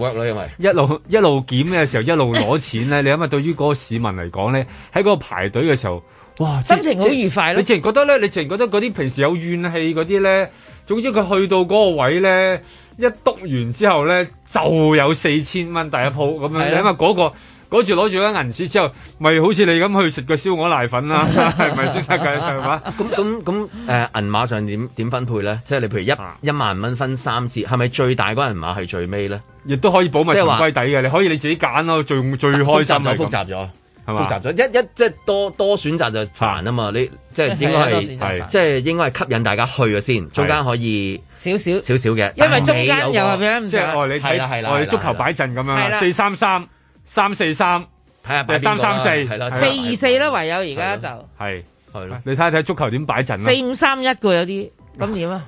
一路一路檢嘅時候，一路攞錢咧。你因為對於嗰個市民嚟講咧，喺嗰個排隊嘅時候。哇！心情好愉快咯！你自然覺得咧，你自然覺得嗰啲平時有怨氣嗰啲咧，總之佢去到嗰個位咧，一篤完之後咧，就有四千蚊第一鋪咁啊！因為嗰個嗰住攞住粒銀紙之後，咪好似你咁去食個燒鵝瀨粉啦、啊，咪先得計嘛？咁咁咁誒銀碼上點點分配咧？即係你譬如一一萬蚊分三次，係咪最大嗰銀碼係最尾咧？亦都可以保埋全歸底嘅，你可以你自己揀咯，最最開心就。就複雜咗？複雜複雜咗一一即係多多選擇就煩啊嘛，你即係應該係即係應該係吸引大家去咗先，中間可以少少少少嘅，因為中間又係咁即係，你睇係啦你足球擺陣咁樣，四三三三四三，睇下三三四係啦，四二四啦，唯有而家就係係你睇睇足球點擺陣四五三一個有啲。咁點啊？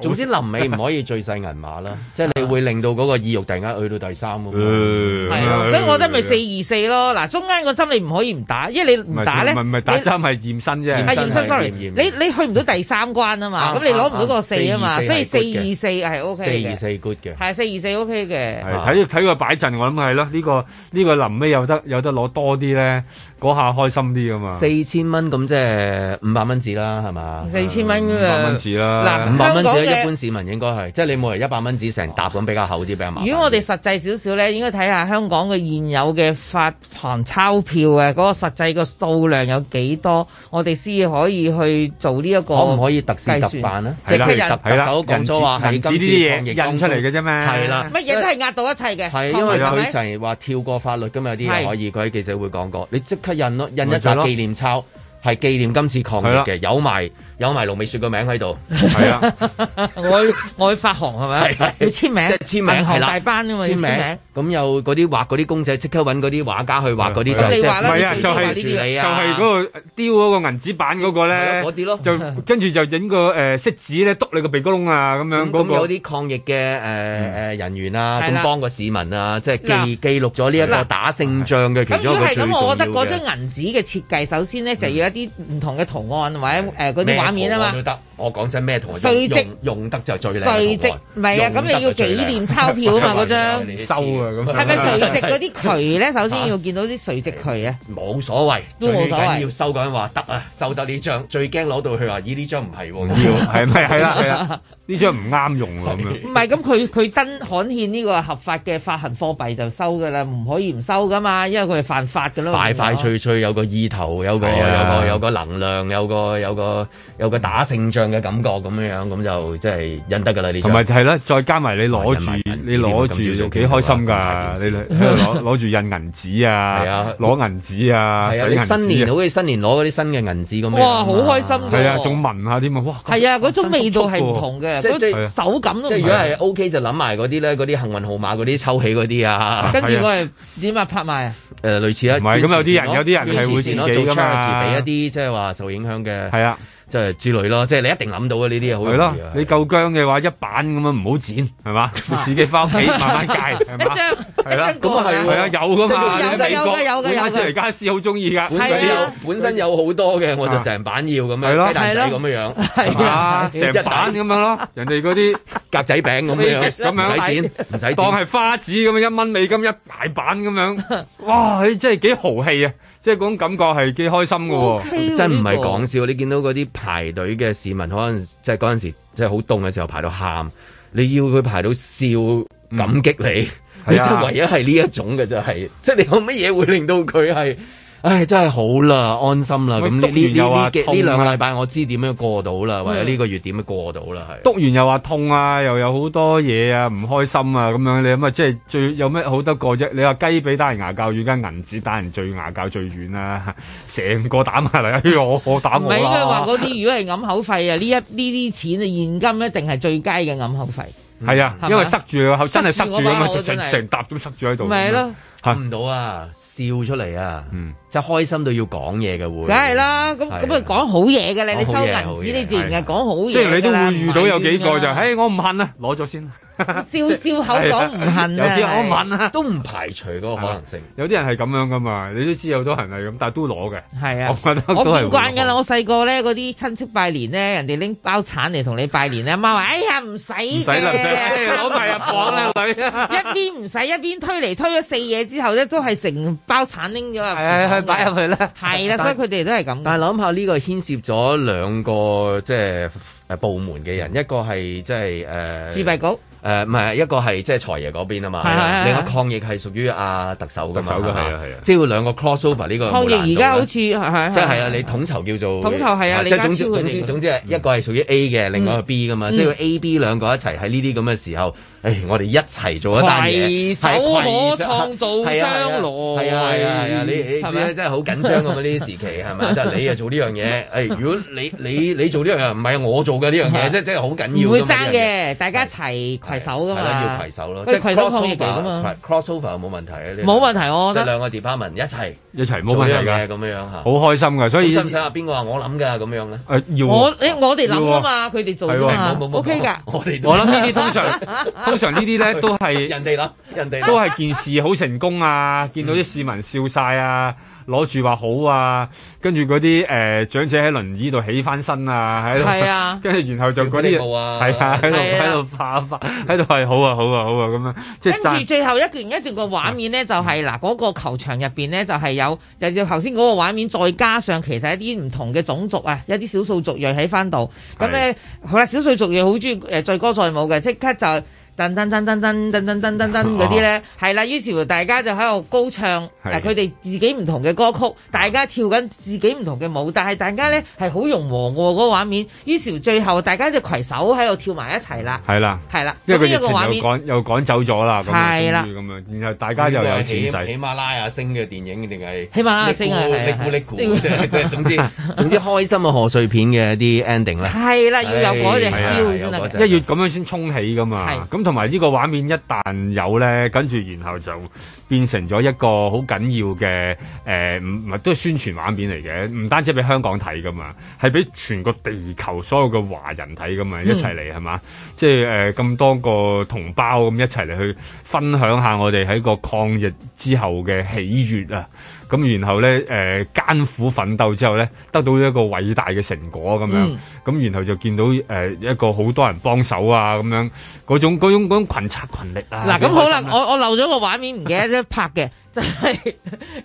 總之臨尾唔可以最細銀碼啦，即係你會令到嗰個意欲突然間去到第三咁。係啊，所以我覺得咪四二四咯。嗱，中間個針你唔可以唔打，因為你唔打咧，唔係，打針係驗身啫。係驗身，sorry。你你去唔到第三關啊嘛，咁你攞唔到嗰個四啊嘛，所以四二四係 OK 嘅。四二四 good 嘅，係四二四 OK 嘅。睇睇佢擺陣，我諗係咯，呢個呢個臨尾有得有得攞多啲咧。嗰下開心啲啊嘛！四千蚊咁即係五百蚊紙啦，係嘛？四千蚊五百蚊紙啦。嗱，五百蚊紙一般市民應該係即係你冇人一百蚊紙成搭咁比較厚啲，俾阿媽。如果我哋實際少少咧，應該睇下香港嘅現有嘅發行鈔票嘅嗰個實際個數量有幾多，我哋先可以去做呢一個。可唔可以特事特辦咧？即刻特首講咗話，係今次抗疫出嚟嘅啫咩？係啦，乜嘢都係壓到一切嘅。係因為佢就係話跳過法律，咁有啲嘢可以，佢喺記者會講過，你即刻。印咯，印一紮紀念鈔，係紀念今次抗疫嘅，的有埋。有埋盧美雪個名喺度，係啊，我我去發行係咪要簽名，即係簽名係啦，大班啊嘛，簽名。咁有嗰啲畫嗰啲公仔，即刻搵嗰啲畫家去畫嗰啲就即係，唔係就係嗰個雕嗰個銀紙版嗰個咧，嗰啲咯。就跟住就影個誒色紙咧，督你個鼻哥窿啊咁樣。咁有啲抗疫嘅誒誒人員啊，咁幫個市民啊，即係記記錄咗呢一個打勝仗嘅其中一個最重要嘅。咁我覺得嗰張銀紙嘅設計，首先咧就要一啲唔同嘅圖案或者誒嗰啲。面啊嘛，都得。我講真咩同人用得就最靚。垂直？唔係啊，咁你要紀念鈔票啊嘛，嗰張收啊咁。係咪垂直嗰啲渠咧？首先要見到啲垂直渠啊。冇所謂，最緊要收嗰陣話得啊，收得呢張。最驚攞到佢話，咦，呢張唔係喎，係係係啦係啦。呢張唔啱用啊！唔係咁，佢、佢登罕憲呢個合法嘅發行貨幣就收㗎啦，唔可以唔收㗎嘛，因為佢係犯法㗎咯。快快脆脆，有個意頭，有個有個有個能量，有個有個有個打勝仗嘅感覺咁樣樣，咁就真係印得㗎啦呢張。同埋係啦，再加埋你攞住你攞住幾開心㗎，你攞攞住印銀紙啊，啊，攞銀紙啊，新年好似新年攞嗰啲新嘅銀紙咁。哇！好開心。係啊，仲聞下添嘛？哇！係啊，嗰種味道係唔同嘅。即係係即手感咯。即係如果係 O K，就諗埋嗰啲咧，嗰啲幸運號碼嗰啲抽起嗰啲啊。啊跟住我係點啊拍賣啊？誒、啊呃、類似啦、啊。唔係是，咁有啲人，有啲人係會自己噶嘛。做 charity 俾一啲即係話受影響嘅。係啊。即係之類咯，即係你一定諗到嘅呢啲嘢，好容易你夠僵嘅話，一板咁樣唔好剪，係嘛？自己翻屋企慢慢戒。一張係啦，咁啊係喎，有噶嘛？有嘅有嘅有嘅，我啲傢俬好中意噶，本身有本身有好多嘅，我就成板要咁樣雞蛋仔咁樣樣，係嘛？成板咁樣咯，人哋嗰啲格仔餅咁樣咁樣唔使剪，唔使當係花紙咁樣一蚊美金一大板咁樣哇！你真係幾豪氣啊！即係嗰種感覺係幾開心㗎喎、哦，okay，真唔係講笑。嗰個、你見到嗰啲排隊嘅市民，可能即係嗰陣時，即係好凍嘅時候排到喊，你要佢排到笑、嗯、感激你，啊、你真係唯一係呢一種嘅就係、係，即係你有乜嘢會令到佢係？唉，真係好啦，安心啦。咁讀完又話痛啊，呢兩個禮拜我知點樣過到啦，或者呢個月點樣過到啦？係讀完又話痛啊，又有好多嘢啊，唔開心啊咁樣。你咁啊，即係最有咩好得過啫？你話雞髀打人牙骹，而家銀紙打人最牙骹最遠啊，成個打埋嚟，哎我打我。唔係應該話嗰啲如果係揞口費啊？呢一呢啲錢啊，現金一定係最佳嘅揞口費。係啊，因為塞住啊，真係塞住咁，成成沓都塞住喺度。咪咯～吓唔到啊，笑出嚟啊。嗯，就開心到要講嘢嘅會。梗係啦，咁咁佢講好嘢嘅咧，你收銀紙，你自然係講好嘢即係你都會遇到有幾個就，唉，我唔恨啊，攞咗先。笑笑口講唔恨啊，我問啊，都唔排除嗰個可能性。有啲人係咁樣噶嘛，你都知有好多人係咁，但係都攞嘅。係啊，我唔慣噶啦，我細個咧，嗰啲親戚拜年咧，人哋拎包橙嚟同你拜年阿媽話，哎呀，唔使嘅，攞埋入房啦，女，一邊唔使一邊推嚟推咗四嘢。之後咧都係成包鏟拎咗入去，係擺入去啦，係啦，所以佢哋都係咁。但係諗下呢個牽涉咗兩個即係誒部門嘅人，一個係即係誒，自閉局誒，唔係一個係即係財爺嗰邊啊嘛。另一個抗疫係屬於阿特首嘅嘛，係係即係要兩個 cross over 呢個抗疫而家好似係係，即係啊！你統籌叫做統籌係啊，李家超佢哋。即係總之總之總之，一個係屬於 A 嘅，另一個 B 噶嘛，即係 A B 兩個一齊喺呢啲咁嘅時候。誒，我哋一齊做一大嘢，攜手可創造將來。係啊，你你知你真係好緊張咁啊！呢啲時期係咪？即係你啊做呢樣嘢。誒，如果你你你做呢樣嘢唔係我做嘅呢樣嘢，即係即係好緊要。唔會爭嘅，大家一齊攜手㗎嘛。係啦，要攜手咯，即係 cross over 咁啊。cross over 冇問題啊，呢啲冇問題，我覺得兩個 department 一齊一齊冇問題㗎，咁樣好開心㗎。所以使唔使啊？邊個話我諗㗎咁樣咧？要我哋諗啊嘛，佢哋做 O K 㗎，我我諗呢啲通常。通常呢啲咧都係人哋啦，人哋都係件事好成功啊！見到啲市民笑晒啊，攞住話好啊，跟住嗰啲誒長者喺輪椅度起翻身啊，喺度，跟住然後就嗰啲，係啊，喺度喺度發發，喺度係好啊，好啊，好啊咁樣，跟住最後一段一段個畫面咧，就係嗱嗰個球場入邊咧，就係有又又頭先嗰個畫面，再加上其實一啲唔同嘅種族啊，一啲少數族裔喺翻度咁咧。好啦，少數族裔好中意誒載歌載舞嘅，即刻就。噔噔噔噔噔噔噔噔嗰啲咧，係啦對於 with with，major major 啊、是於是乎大家就喺度高唱，嗱佢哋自己唔同嘅歌曲，大家跳緊自己唔同嘅舞，但係大家咧係好融和嘅嗰個畫面。於是乎最後大家就攜手喺度跳埋一齊啦。係啦，係啦，呢一個畫面又趕走咗啦、嗯，係啦，咁樣，然後大家又有起喜馬拉雅星嘅電影定係喜馬拉雅星啊，係，即係即係總之總之開心嘅賀歲片嘅一啲 ending 啦。係啦，要有嗰隻 feel 先得，一要咁樣先衝起噶嘛，咁。同埋呢個畫面一旦有呢，跟住然後就變成咗一個好緊要嘅誒，唔、呃、唔都係宣傳畫面嚟嘅。唔單止俾香港睇噶嘛，係俾全個地球所有嘅華人睇噶嘛，一齊嚟係嘛？即係咁、呃、多個同胞咁一齊嚟去分享下我哋喺個抗疫之後嘅喜悅啊！咁然後咧，誒、呃、艱苦奮鬥之後咧，得到一個偉大嘅成果咁樣。咁、嗯、然後就見到誒、呃、一個好多人幫手啊，咁樣嗰種嗰嗰群策群力啊。嗱、啊，咁、啊、好啦，我我漏咗個畫面，唔記得拍嘅、 就是，就係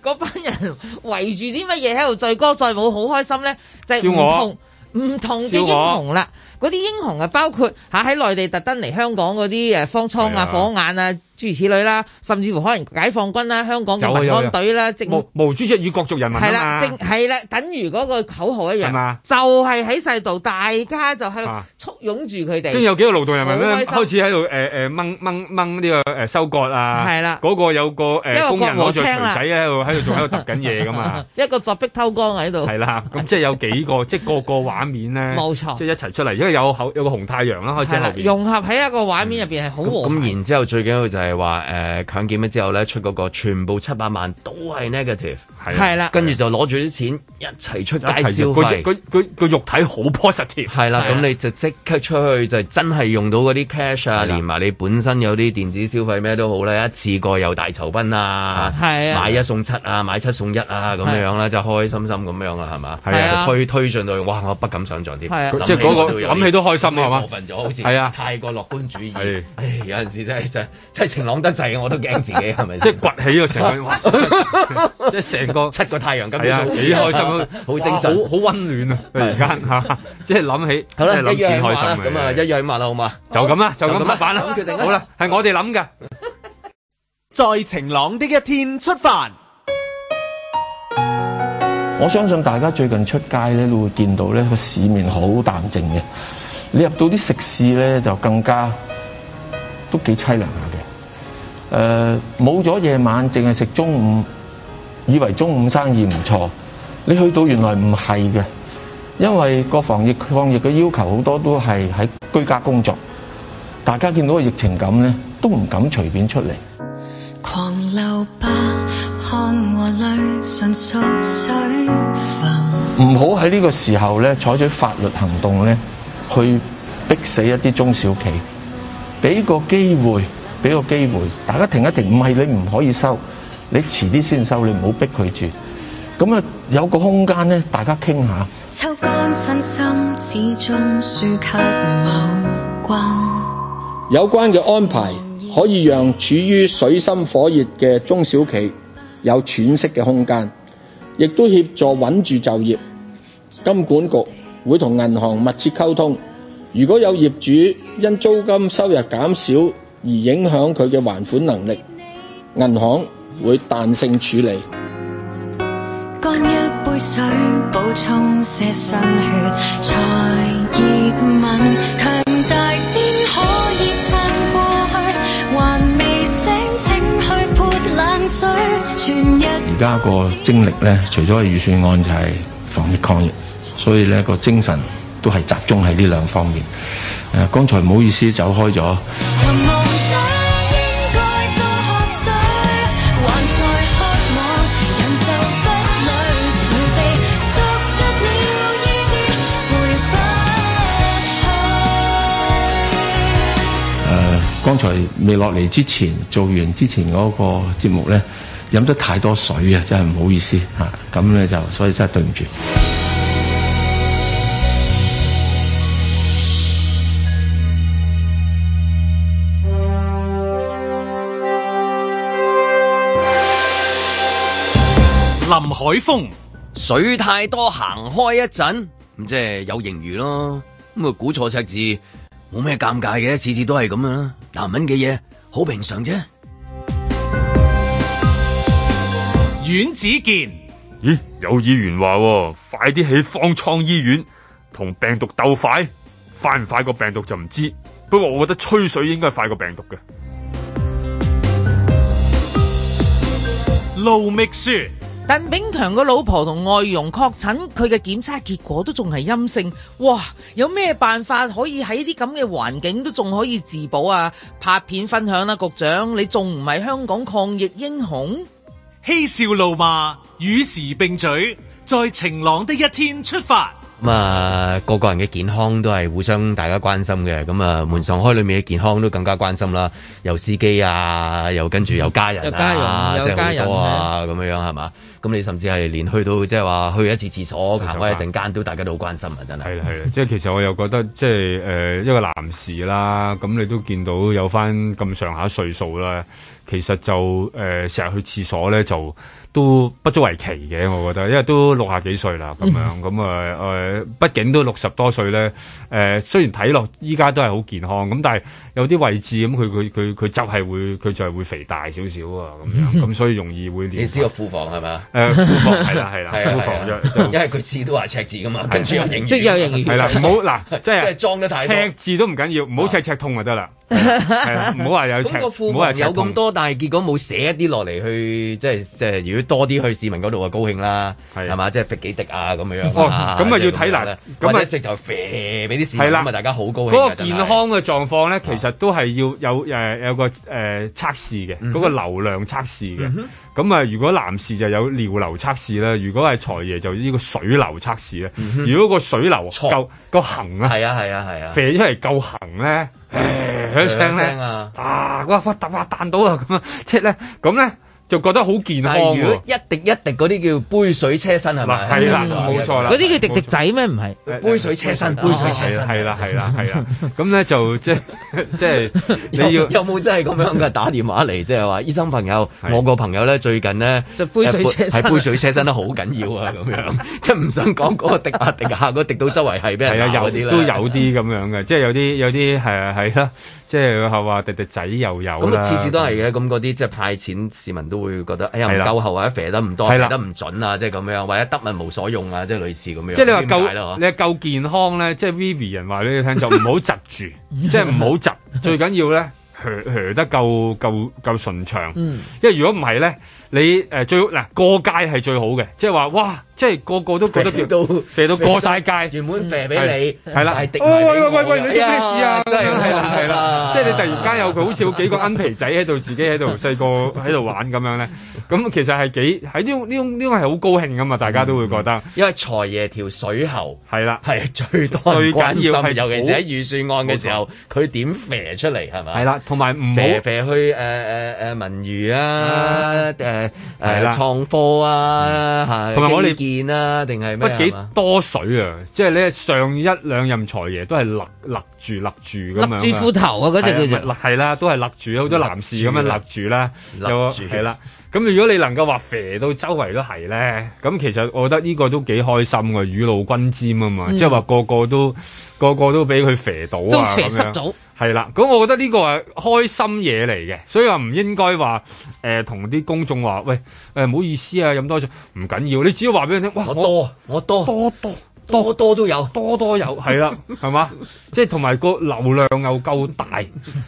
嗰班人圍住啲乜嘢喺度載歌載舞，好開心咧，就係唔同唔同嘅英雄啦。嗰啲火英雄啊，包括喺內地特登嚟香港嗰啲方艙啊、啊火眼啊。諸如此類啦，甚至乎可能解放軍啦、香港嘅民安隊啦，毛毛主席與各族人民，係啦，正係啦，等於嗰個口號一樣，就係喺曬度，大家就係簇擁住佢哋。跟住有幾個勞動人民咧，開始喺度誒誒掹掹掹呢個誒收割啊，係啦，嗰個有個誒工人攞住鋤仔喺度喺度仲喺度揼緊嘢㗎嘛，一個作壁偷光喺度。係啦，咁即係有幾個，即係個個畫面咧，冇錯，即係一齊出嚟，因為有有個紅太陽啦，開始後面融合喺一個畫面入邊係好和諧。咁然之後最緊要就係。係話誒，強檢咗之後咧，出嗰個全部七百萬都係 negative，係啦，跟住就攞住啲錢一齊出街消費，佢佢個肉體好 positive，係啦，咁你就即刻出去就真係用到嗰啲 cash 啊，連埋你本身有啲電子消費咩都好咧，一次過又大酬賓啊，係啊，買一送七啊，買七送一啊，咁樣樣咧就開開心心咁樣啦，係嘛，係啊，就推推進到哇，我不敢想象啲，即係嗰個諗起都開心啊，係嘛，係啊，太過樂觀主義，誒，有陣時真係真真。晴朗得滯我都驚自己係咪即係掘起個成，即係成個七個太陽咁樣，幾開心好精神，好溫暖啊！而家即係諗起，即係諗錢開心咁啊，一樣嘛啦，好嘛？就咁啦，就咁乜好啦，係我哋諗嘅。在晴朗的一天出發，我相信大家最近出街咧都會見到咧個市面好淡靜嘅。你入到啲食肆咧就更加都幾凄涼誒，冇咗夜晚，淨係食中午，以為中午生意唔錯。你去到原來唔係嘅，因為個防疫抗疫嘅要求好多都係喺居家工作。大家見到個疫情咁咧，都唔敢隨便出嚟。狂流吧，汗和淚純屬水份。唔好喺呢個時候咧，採取法律行動咧，去逼死一啲中小企，俾個機會。俾個機會大家停一停，唔係你唔可以收，你遲啲先收，你唔好逼佢住咁啊。有個空間咧，大家傾下。有關嘅安排可以讓處於水深火熱嘅中小企有喘息嘅空間，亦都協助穩住就業。金管局會同銀行密切溝通，如果有業主因租金收入減少，而影響佢嘅還款能力，銀行會彈性處理。而家個精力咧，除咗係預算案就係防疫抗疫，所以咧個精神都係集中喺呢兩方面。誒，剛才唔好意思走開咗。才未落嚟之前，做完之前嗰個節目咧，飲得太多水啊，真係唔好意思吓，咁、啊、咧就，所以真係對唔住。林海峰水太多，行開一陣，咁即係有盈餘咯。咁啊，估錯赤字冇咩尷尬嘅，次次都係咁樣啦。男人嘅嘢好平常啫。阮子健，咦，有議員話，哦，快啲起方艙醫院，同病毒鬥快，快唔快個病毒就唔知。不過我覺得吹水應該快過病毒嘅。盧覓雪。鄧炳強個老婆同外傭確診，佢嘅檢測結果都仲係陰性。哇！有咩辦法可以喺啲咁嘅環境都仲可以自保啊？拍片分享啦，啊，局長，你仲唔係香港抗疫英雄？嬉笑怒罵，與時並舉，在晴朗的一天出發。咁啊，個個人嘅健康都係互相大家關心嘅。咁啊，門上開裏面嘅健康都更加關心啦。有司機啊，又跟住有家人啊，即係好多啊，咁樣樣係嘛？咁你甚至係連去到即係話去一次廁所行開一陣間，都大家都好關心啊！真係係啦，係啦， 即係其實我又覺得即係誒、呃、一個男士啦，咁你都見到有翻咁上下歲數啦，其實就誒成日去廁所咧，就都不足為奇嘅，我覺得，因為都六十幾歲啦，咁樣咁啊誒，畢竟都六十多歲咧，誒、呃、雖然睇落依家都係好健康，咁但係。有啲位置咁，佢佢佢佢執係會，佢就係會肥大少少啊，咁樣咁，所以容易會，你知個庫房係嘛？誒，庫房係啦，係啦，庫房因為佢字都話赤字噶嘛，跟住又盈餘，跟住又盈餘係啦，唔好嗱，即係即係裝得太多，赤字都唔緊要，唔好赤赤痛就得啦，係啦，唔好話有赤，唔好話有咁多，但係結果冇寫一啲落嚟去，即係即係如果多啲去市民嗰度啊，高興啦係嘛，即係滴幾滴啊咁樣咁啊要睇啦咁啊，直頭肥俾啲市民，咁大家好高興個健康嘅狀況咧，其其實都係要有、呃、有個誒、呃、測試嘅，嗰個流量測試嘅。咁啊、嗯哼，如果男士就有尿流測試啦，如果係財爺就呢個水流測試啦。嗯、哼如果個水流夠塞個行啊係啊係啊係啊，射、啊啊、出嚟夠行咧，響、啊、聲咧，啊嗰發突發彈到啊咁啊，即係咧咁咧。就是就覺得好健康。如果一滴一滴嗰啲叫杯水車薪係咪？嗱係啦，冇錯啦，嗰啲叫滴滴仔咩？唔係杯水車薪，杯水車薪係啦係啦係啦。咁咧就即係即係你要有冇真係咁樣嘅打電話嚟？即係話醫生朋友，我個朋友咧最近咧就杯水車薪杯水車薪都好緊要啊！咁樣即係唔想講嗰個滴下滴下，嗰滴到周圍係咩顏色，係啊有啲都有啲咁樣嘅，即係有啲有啲係啊係啦，即係係話滴滴仔又有。咁次次都係嘅，咁嗰啲即係派錢市民都。會覺得哎呀，唔夠喉，或者肥得唔多，肥的得唔準啊，即係咁樣，或者得物無所用啊，即係類似咁樣。即係你話夠，你話夠健康咧， 即係 Vivi 人話俾你聽就唔好窒住，即係唔好窒，最緊要咧，射得夠夠夠順暢。嗯，因為如果唔係咧。你誒、呃、最嗱、呃、過街係最好嘅，即係話哇，即、就、係、是、個個都覺得肥到射到過晒街，原本肥俾你係啦，係滴埋。喂喂喂，你知咩事啊？哎、真係係啦係啦，即係你突然間有佢好似幾個恩皮仔喺度，自己喺度細個喺度玩咁 樣咧。咁其實係幾喺呢種呢種呢種係好高興㗎嘛，大家都會覺得。因為財爺條水喉係啦，係最多最緊要係，尤其是喺預算案嘅時候，佢點肥出嚟係咪？係啦，同埋唔好肥去誒誒、呃呃呃、文娛啊、呃誒，係啦，創科啊，係、嗯，同埋我哋建啊，定係咩？不幾多水啊，是吧即係你上一兩任財爺都係勒勒住勒住咁樣啊，勒住褲頭啊，嗰、那、只、個、叫做係啦，都係勒住，好、啊、多男士咁樣勒住啦，有係啦。咁如果你能夠話肥到周圍都係咧，咁其實我覺得呢個都幾開心嘅，雨露均沾啊嘛，即係話個個都個個都俾佢肥到肥、啊、咁樣。係啦，咁我覺得呢個係開心嘢嚟嘅，所以話唔應該話誒同啲公眾話喂誒唔、呃、好意思啊，飲多咗唔緊要，你只要話俾佢聽，哇，我多我,我多多多多,多,多多都有，多多有係啦，係嘛？ 即係同埋個流量又夠大，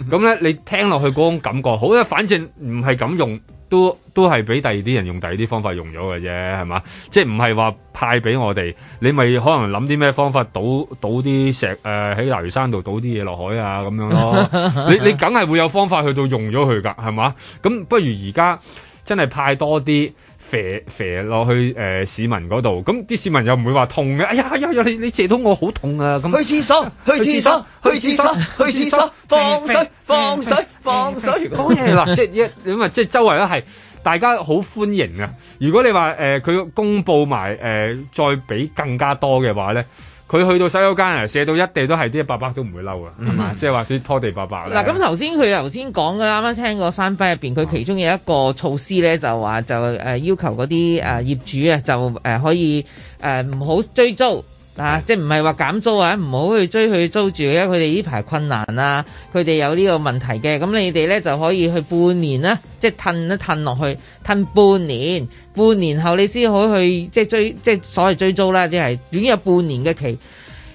咁咧 你聽落去嗰種感覺好啊，反正唔係咁用。都都係俾第二啲人用第二啲方法用咗嘅啫，係嘛？即係唔係話派俾我哋，你咪可能諗啲咩方法倒倒啲石誒喺大嶼山度倒啲嘢落海啊咁樣咯？ 你你梗係會有方法去到用咗佢噶，係嘛？咁不如而家真係派多啲。肥肥落去誒市民嗰度，咁啲市民又唔會話痛嘅。哎呀呀呀，你你射到我好痛啊！咁去，去廁所，去廁所，去廁所，去廁所，放水，放水，放水。好嘢啦， 即係一因為即係周圍都係大家好歡迎啊。如果你話誒佢公佈埋誒、呃、再俾更加多嘅話咧。佢去到洗手間啊，射到一地都係，啲伯伯都唔會嬲，嗯、啊，係嘛？即係話啲拖地伯伯。嗱，咁頭先佢頭先講嘅，啱啱聽個新聞入邊，佢其中有一個措施咧，就話就誒、呃、要求嗰啲誒業主啊，就誒、呃、可以誒唔好追租。嗱、啊，即係唔係話減租啊？唔好去追去租住啊！因為佢哋呢排困難啊，佢哋有呢個問題嘅。咁你哋呢就可以去半年啦、啊，即係褪一褪落去，褪半年，半年後你先可以去即係追即係所謂追租啦、啊，即係已經有半年嘅期。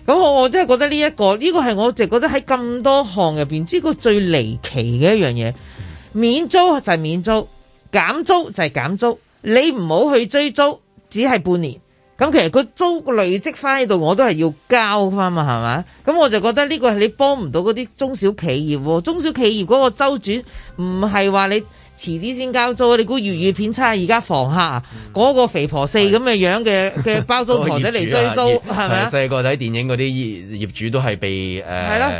咁我我真係覺得呢一個呢、這個係我就覺得喺咁多項入邊，呢、這個最離奇嘅一樣嘢，免租就係免租，減租就係減租，你唔好去追租，只係半年。咁其實佢租累積返喺度，我都係要交返嘛，係咪？咁我就覺得呢個係你幫唔到嗰啲中小企業喎，中小企業嗰個周轉唔係話你。遲啲先交租啊！你估粵語片差而家房客啊？嗰個肥婆四咁嘅樣嘅嘅包租婆仔嚟追租，係咪啊？細個睇電影嗰啲業主都係被誒，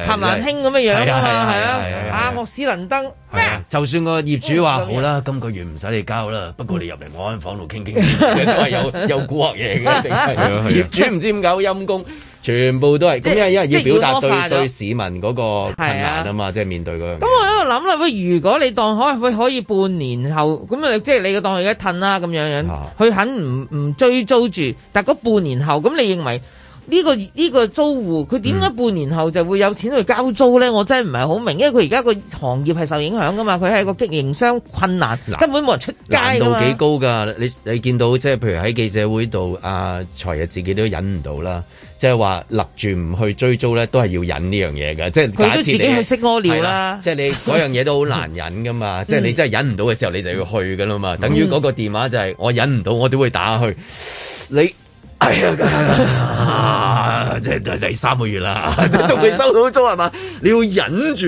譚蘭卿咁嘅樣啊嘛，係啊！阿岳史倫登，咩？就算個業主話好啦，今個月唔使你交啦，不過你入嚟我間房度傾傾，都係有有古惑嘢嘅，業主唔知點搞陰功。全部都係咁，因為因為要表達對對,對市民嗰個困難啊嘛，是啊即係面對嗰。咁我喺度諗啦，喂，如果你當可佢可以半年後咁、就是、啊，即係你嘅當佢一褪啦咁樣樣，佢肯唔唔追租住，但係嗰半年後咁，你認為呢、這個呢、這個租戶佢點解半年後就會有錢去交租咧？嗯、我真係唔係好明，因為佢而家個行業係受影響噶嘛，佢係個經營商困難，難根本冇人出街啊。難度幾高㗎？你你見到即係譬如喺記者會度，阿、啊、財爺自己都忍唔到啦。即係話立住唔去追租咧，都係要忍呢樣嘢㗎。即係假設你都自己去識屙尿啦。即係你嗰樣嘢都好難忍噶嘛。 即係你真係忍唔到嘅時候，你就要去噶啦嘛。嗯、等於嗰個電話就係我忍唔到，我都會打去。你哎呀，即、哎、係、哎、 第三個月啦， 即仲未收到租係嘛？ 你要忍住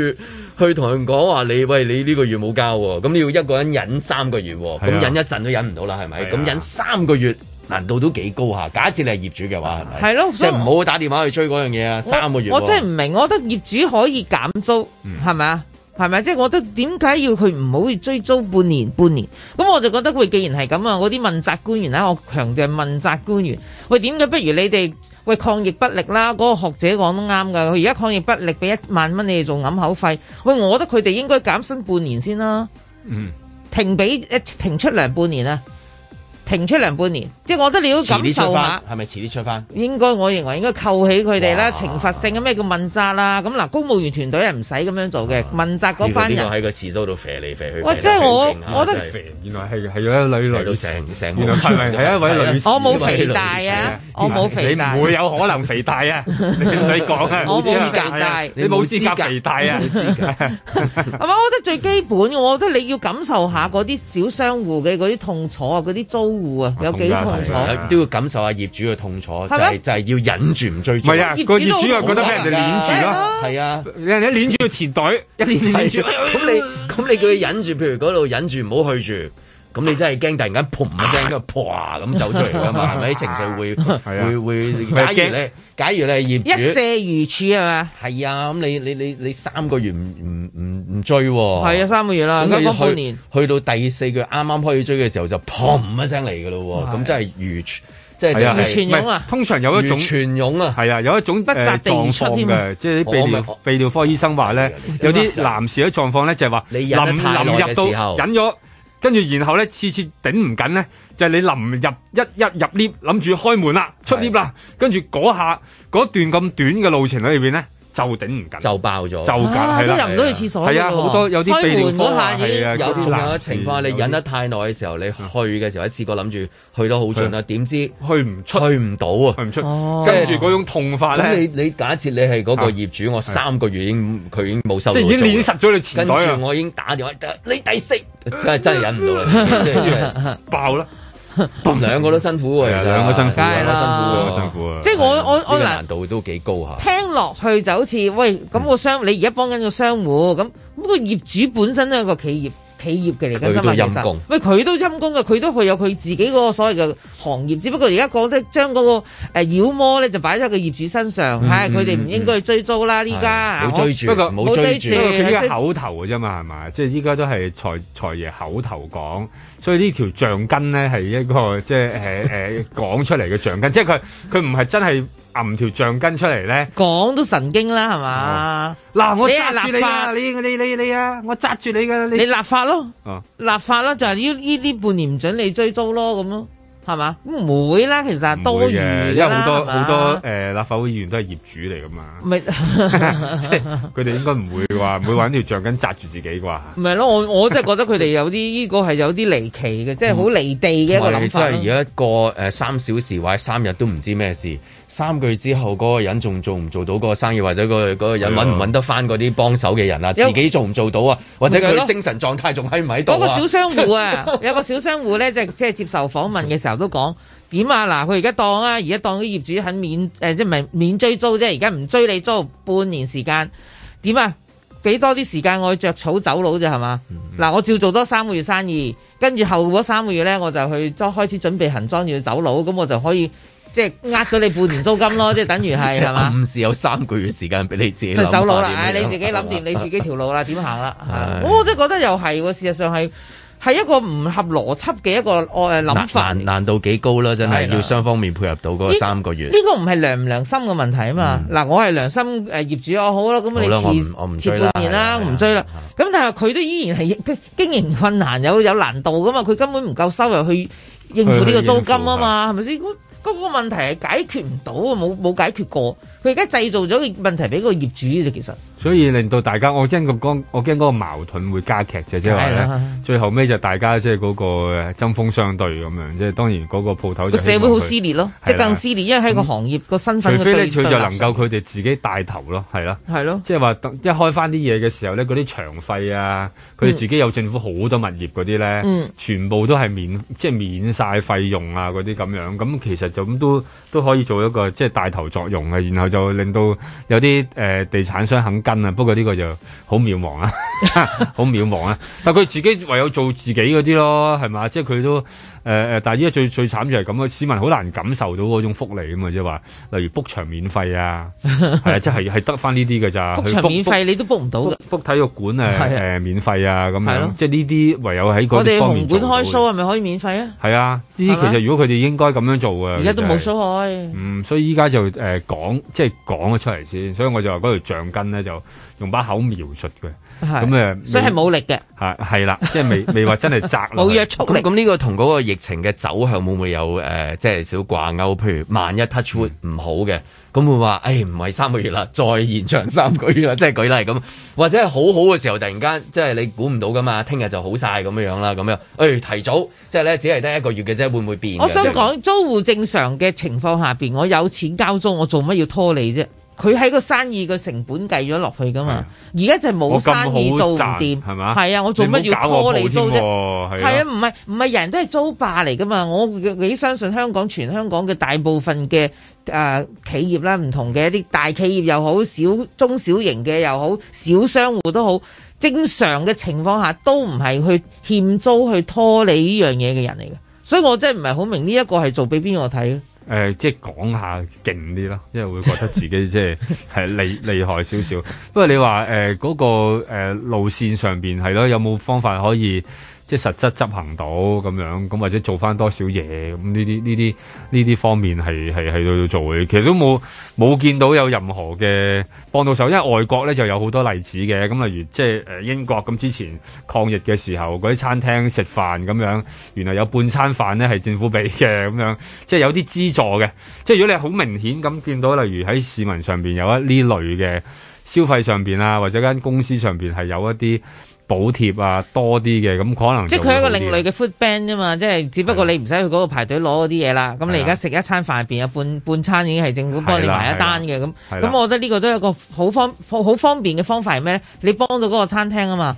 去同人講話，你喂你呢個月冇交，咁你要一個人忍三個月，咁、啊、忍一陣都忍唔到啦，係咪？咁、啊、忍三個月。難度都幾高下。假設你係業主嘅話，係咪？係咯，即係唔好打電話去追嗰樣嘢啊！三個月，我真係唔明，我覺得業主可以減租，係咪啊？係咪？即係我覺得點解要佢唔好追租半年？半年咁我就覺得佢既然係咁啊，嗰啲問責官員咧，我強調問責官員，喂，點解不如你哋喂抗疫不力啦？嗰、嗰個學者講都啱噶，佢而家抗疫不力俾一萬蚊你哋做揞口費，喂，我覺得佢哋應該減薪半年先啦、啊。嗯停比、呃，停俾停出糧半年啊！停出糧半年，即係我覺得你要感受下，係咪遲啲出翻？應該我認為應該扣起佢哋啦，懲罰性嘅咩叫問責啦？咁嗱，公務員團隊係唔使咁樣做嘅問責嗰班人喺個廁所度肥嚟肥去，喂，即係我，我覺得原來係嘅，有一位女女，成成個係咪一位女？我冇肥大啊，我冇肥大，你唔會有可能肥大啊？你唔使講啊，我冇肥大，你冇資格肥大啊？係咪？我覺得最基本我覺得你要感受下嗰啲小商戶嘅嗰啲痛楚啊，嗰啲租。有幾痛楚都要感受下業主嘅痛楚，就係就係要忍住唔追住。啊，個業主又覺得畀人哋攆住咯，係啊，人哋攆住個前袋，一攆住，咁你咁你叫佢忍住，譬如嗰度忍住唔好去住，咁你真係驚突然間砰一聲，跟住咁走出嚟噶嘛，係咪？啲情緒會會會，假如你假如你係一射如柱係嘛？係啊，咁你你你你三個月唔唔唔唔追喎、啊？係啊，三個月啦，而家半年，去到第四個月啱啱開始追嘅時候就砰一聲嚟嘅咯喎，咁真係如柱，即係即係唔係？通常有一種全湧啊，係啊，有一種不雜、呃、狀況嘅，即係啲泌尿泌尿科醫生話咧，有啲男士嘅狀況咧就係話淋淋入到忍咗。跟住，然後呢次次頂唔緊呢，就係、是、你臨入一一入 lift，諗住開門啦，出 lift 啦，跟住嗰下嗰段咁短嘅路程裏面呢。就頂唔緊，就爆咗，就係啦，入唔到去廁所。係啊，好多有啲閉門嗰下已有難。仲有個情況，你忍得太耐嘅時候，你去嘅時候，一次過諗住去得好盡啦，點知去唔出，去唔到啊，去唔出。即係嗰種痛法，咧。咁你你假設你係嗰個業主，我三個月已經佢已經冇收，即係已經練實咗你錢袋，跟住我已經打電話，你抵死，真係真係忍唔到啦，即係爆啦。兩個都辛苦喎，兩個辛苦啦，辛苦辛苦啊，即係我我我難度都幾高吓。聽落去就好似喂，咁個商，你而家幫緊個商戶咁，咁個業主本身都係個企業企業嘅嚟嘅，佢陰功，喂，佢都陰功嘅，佢都佢有佢自己嗰個所謂嘅行業，只不過而家講得將嗰個誒妖魔咧就擺咗喺個業主身上，係佢哋唔應該去追租啦，呢家冇追住，不過冇追住，佢口頭嘅啫嘛，係嘛？即係依家都係財財爺口頭講。所以呢條橡筋咧係一個即係誒誒講出嚟嘅橡筋， 即係佢佢唔係真係揞條橡筋出嚟咧，講都神經啦係嘛？嗱、哦啊、我揸住你，你係立法，你你你你啊，我揸住你㗎，你，你立法咯，哦、立法咯就係呢呢呢半年唔准你追租咯咁咯。係嘛？唔會啦，其實多餘，因為好多好吧多誒、呃、立法會議員都係業主嚟噶嘛。唔係，即係佢哋應該唔會話，唔 會玩條橡筋紮住自己啩？唔係咯，我我真係覺得佢哋有啲呢 個係有啲離奇嘅，即係好離地嘅一個諗法。即係而家一個三小時或者三日都唔知咩事。三個月之後，嗰、嗰個人仲做唔做到嗰個生意，或者嗰個人揾唔揾得翻嗰啲幫手嘅人啊？哎、呦自己做唔做到啊？有或者佢精神狀態仲喺唔喺度？嗰個小商戶啊， 有個小商戶咧，即係即係接受訪問嘅時候都講點啊？嗱，佢而家當啊，而家當啲業主肯免誒，即係免免追租啫，而家唔追你租半年時間，點啊？畀多啲時間我要著草走佬啫，係嘛？嗱、嗯嗯，我照做多三個月生意，跟住後嗰三個月咧，我就去即係開始準備行裝要走佬，咁我就可以。即係呃咗你半年租金咯，即係等於係，係嘛？暫時有三個月時間俾你自己，就走佬啦！唉，你自己諗掂你自己條路啦，點行啦？啊，我真係覺得又係，事實上係係一個唔合邏輯嘅一個諗，誒，諗法，難度幾高啦，真係要雙方面配合到嗰三個月。呢個唔係良唔良心嘅問題啊嘛。嗱，我係良心誒業主，我好啦，咁你遲我唔遲半年啦，我唔追啦。咁但係佢都依然係經營困難，有有難度噶嘛？佢根本唔夠收入去應付呢個租金啊嘛，係咪先？個問題係解決唔到啊，冇冇解決過。佢而家製造咗個問題俾個業主啫，其實。所以令到大家，我驚咁講，我驚嗰個矛盾會加劇啫，即係話咧，最後屘就大家即係嗰個誒針鋒相對咁樣，即、就、係、是、當然嗰個鋪頭個社會好撕裂咯，即係的更撕裂，因為喺個行業個身份、嗯。除非佢對就能夠佢哋自己帶頭咯，係咯的，係咯的，即係話一開翻啲嘢嘅時候咧，嗰啲場費啊，佢哋自己有政府好多物業嗰啲咧，嗯、全部都係免即係、就是、免晒費用啊嗰啲咁樣，咁其實就咁都都可以做一個即係帶頭作用嘅，然後就令到有啲誒、呃、地產商肯。不過呢個就好渺茫啊， 好渺茫啊！ 但佢自己唯有做自己嗰啲咯，係嘛？即係佢都。誒誒、呃，但係依家最最慘就係咁啊，市民好難感受到嗰種福利啊嘛，即係話，例如 book 場免費啊，係 啊，即係係得翻呢啲嘅咋？book 場免費你都 book 唔到嘅。book 體育館誒誒免費啊，咁樣，是的即係呢啲唯有喺嗰方面做，我哋紅館開 show 係咪可以免費啊？係啊，呢啲其實如果佢哋應該咁樣做啊，而家的實都冇 show 開。嗯，所以依家就誒講、呃，即係講咗出嚟先，所以我就話嗰條橡筋咧，就用把口描述嘅。咁誒，所以係冇力嘅，係係啦，即係未未話真係砸冇約束力。咁呢個同嗰個疫情嘅走向會唔會有誒，即係少掛鈎？譬如萬一 touch wood 唔好嘅，咁、嗯、會話誒唔係三個月啦，再延長三個月啦，即係 舉例咁，或者係好好嘅時候，突然間即係你估唔到噶嘛，聽日就好晒咁樣樣啦，咁樣誒提早，即係咧只係得一個月嘅啫，會唔會變？我想講租戶正常嘅情況下邊，我有錢交租，我做乜要拖你啫？佢喺個生意嘅成本計咗落去噶嘛？而家、啊、就係冇生意做唔掂，係嘛？係啊，我做乜要拖你租啫？係啊，唔係唔係人都係租霸嚟噶嘛？我幾相信香港全香港嘅大部分嘅誒、呃、企業啦，唔同嘅一啲大企業又好，小中小，小型嘅又好，小商戶都好，正常嘅情況下都唔係去欠租去拖你呢樣嘢嘅人嚟嘅。所以我真係唔係好明呢一、這個係做俾邊個睇？誒即係講下勁啲咯，即係因為會覺得自己即係係厲害少少。不過你話誒嗰個、呃、路線上面係咯，有冇方法可以？即實質執行到咁樣，咁或者做翻多少嘢咁呢啲呢啲呢啲方面係係喺度要做嘅。其實都冇冇見到有任何嘅幫到手，因為外國咧就有好多例子嘅。咁例如即誒英國咁之前抗疫嘅時候，嗰啲餐廳食飯咁樣，原來有半餐飯咧係政府俾嘅咁樣，即有啲資助嘅。即如果你好明顯咁見到，例如喺市民上面有一呢類嘅消費上面啊，或者間公司上面係有一啲。補貼啊多啲嘅，咁可能即係佢係一個另類嘅 food bank 啊嘛，即係只不過你唔使去嗰個排隊攞嗰啲嘢啦，咁的你而家食一餐飯入邊有半半餐已經係政府幫你埋一單嘅，咁咁我覺得呢個都係一個好方好方便嘅方，方法係咩咧？你幫到嗰個餐廳啊嘛。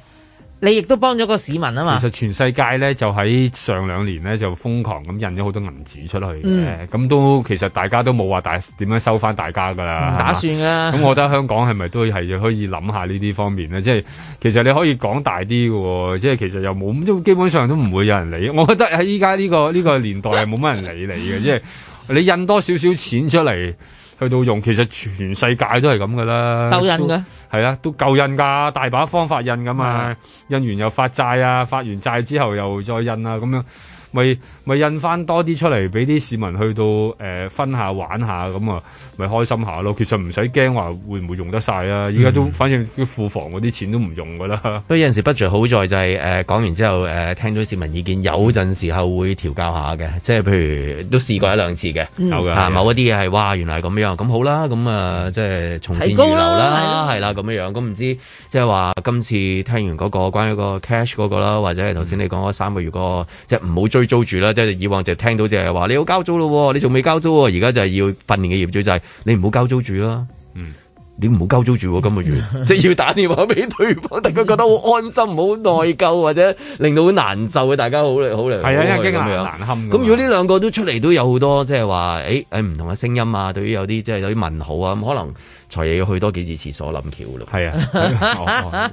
你亦都幫咗個市民啊嘛！其實全世界咧就喺上兩年咧就瘋狂咁印咗好多銀紙出去咁、嗯、都其實大家都冇話大點樣收翻大家噶啦。打算啦。咁、啊、我覺得香港係咪都係可以諗下呢啲方面咧？即、就、係、是、其實你可以講大啲嘅喎，即、就、係、是、其實又冇都基本上都唔會有人理。我覺得喺依家呢個呢、呢個年代係冇乜人理你嘅，即係、嗯就是、你印多少少錢出嚟。去到用，其實全世界都係咁噶啦，夠印㗎，係啊，都夠印㗎，大把方法印㗎嘛，嗯、印完又發債啊，發完債之後又再印啊，咁樣。咪咪印翻多啲出嚟俾啲市民去到誒、呃、分下玩下咁啊，咪開心下咯。其實唔使驚話會唔會用得晒啊！依家、嗯、都反正啲庫房嗰啲錢都唔用噶啦。所以有陣時不著好在就係誒，講完之後誒、呃、聽咗市民意見，有陣時候會調教下嘅，即係譬如都試過一兩次嘅，嗯、某一啲嘢係哇，原來係咁樣，咁好啦，咁啊、呃、即係從善如流啦，係啦，咁樣的樣。咁唔知即係話今次聽完嗰個關於個 cash 嗰、嗰個啦，或者係頭先你講嗰三個月嗰、嗰個，即係唔好追去租住啦，即係以往就聽到就係話你好交租咯，你仲未交租，而家就係要訓練嘅業主就係、是、你唔好交租住啦。嗯，你唔好交租住喎、嗯，今個月即係 要打電話俾對方，大家覺得好安心，唔好內疚或者令到好難受嘅，大家好嚟好嚟。係啊，因為驚啊，難堪。咁如果呢兩個都出嚟，都有好多即係話，誒誒唔同嘅聲音啊，對於有啲即係有啲問號啊，咁可能。財爺要多去多幾次廁所諗橋咯，係啊，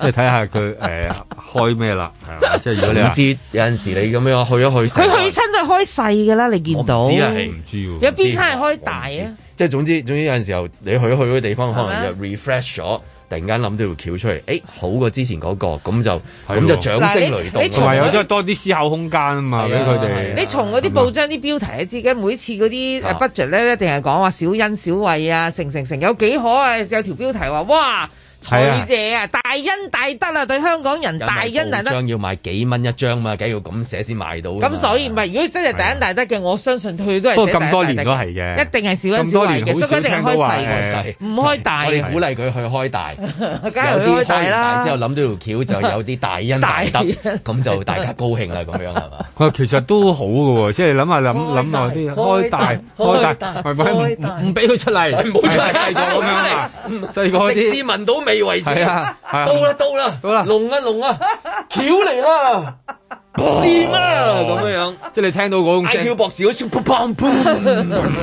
即係睇下佢誒開咩啦，係嘛？即係、呃、如果你唔知，總之有陣時你咁樣去一去，佢去親都係開細㗎啦，你見到？只係唔知，啊、知有邊差係開大啊？即係總之總之有陣時候你去一去嗰啲地方，可能有 refresh 咗。突然間諗到條橋出嚟，誒、欸、好過之前嗰、那個，咁就咁的就掌聲雷動，係啊，即係、那個、多啲思考空間啊嘛，俾佢哋。的你從嗰啲報章啲標題啊，知嘅的，每次嗰啲誒 budget 咧，一定係講話小恩小惠啊，成成成，有幾可啊，有條標題話，哇！巨謝啊！大恩大德啊！對香港人大恩大德，張要賣幾蚊一張嘛？梗要咁寫先賣到。咁所以唔係，如果真係大恩大德嘅，我相信佢都係寫大咁多年都係嘅，一定係少恩小賣嘅，所以佢一定開細開細，唔開大，鼓勵佢去開大，梗係開大啦。之後諗到條橋就有啲大恩大德，咁就大家高興啦，咁樣係嘛？啊，其實都好嘅喎，即係諗下諗諗下啲開大開大，唔開唔俾佢出嚟，唔好出嚟細個，唔出嚟細個，直至聞到味。係啊，到啦到啦，龍啊龍啊，橋嚟啦，掂啊，咁樣樣，即係你聽到嗰種聲，矮橋博士好似撲砰撲，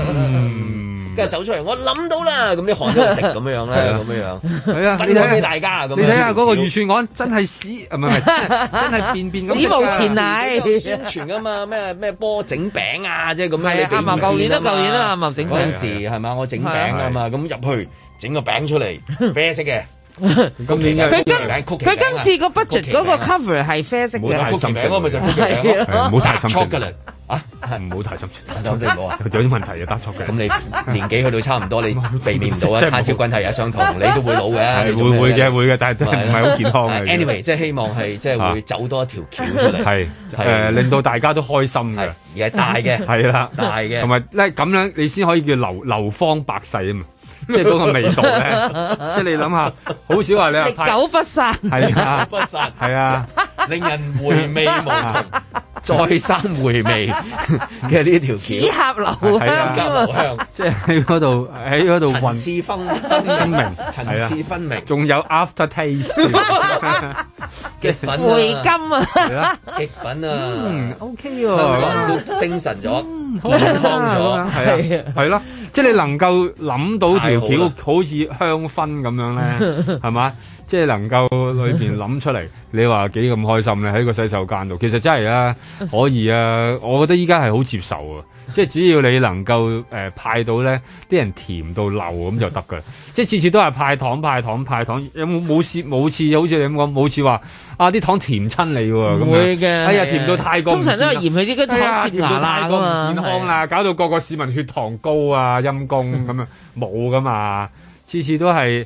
跟住走出嚟，我諗到啦，咁啲韓文食，咁樣樣咧，咁樣樣，係啊，分享俾大家啊，咁樣。睇下嗰個預算案真係史，唔係唔係，真係變變咁史無前例。宣傳噶嘛，咩咩波整餅啊，即係咁樣。啊，舊年啊，舊年啊，啊，整餅嗰陣時係嘛，我整餅啊嘛，咁入去整個餅出嚟，啡色嘅。佢今佢今次個 budget 嗰個 cover 係啡色嘅，冇太深名就係太深錯㗎啦，啊，唔好太深，深色唔好啊，有啲問題啊，得咁你年紀去到差唔多，你避免唔到啊。即係少君提有家同你都會老嘅。會會嘅會嘅，但係都唔係好健康嘅。Anyway，即係希望係即係會走多一條橋出嚟，係令到大家都開心嘅。而家大嘅，係啦，大嘅，同埋咧咁樣你先可以叫流流芳百世啊嘛。即係嗰個味道咧，即係你諗下，好少話你係久不殺，係啊，久不殺，係啊，令人回味無窮，再三回味嘅呢條橋，齒頰留香，即係喺嗰度喺嗰度混，層次分明，層次分明，仲有 after taste，極品啊，回甘啊，極品啊，嗯，O K 喎，精神咗。 嗯、好好？幫咗、 嗯，係啊，係咯，對 即係你能夠諗到條橋好似香薰咁樣呢，係咪？ 即係能夠裏面諗出嚟，你話幾咁開心咧？喺個洗手間度，其實真係呀，可以啊！我覺得依家係好接受啊！即係只要你能夠誒、呃、派到咧，啲人甜到漏咁就得噶啦！ 即係次次都係派糖派糖派糖，有冇冇蝕冇蝕好似你咁講，冇蝕話啊啲糖甜親你喎、啊！唔會嘅，哎呀的甜到太過，通常都係嫌佢啲跟住食啦嘛，太過唔健康啦，的搞到個個市民血糖高啊陰公咁啊冇噶嘛，次次都係。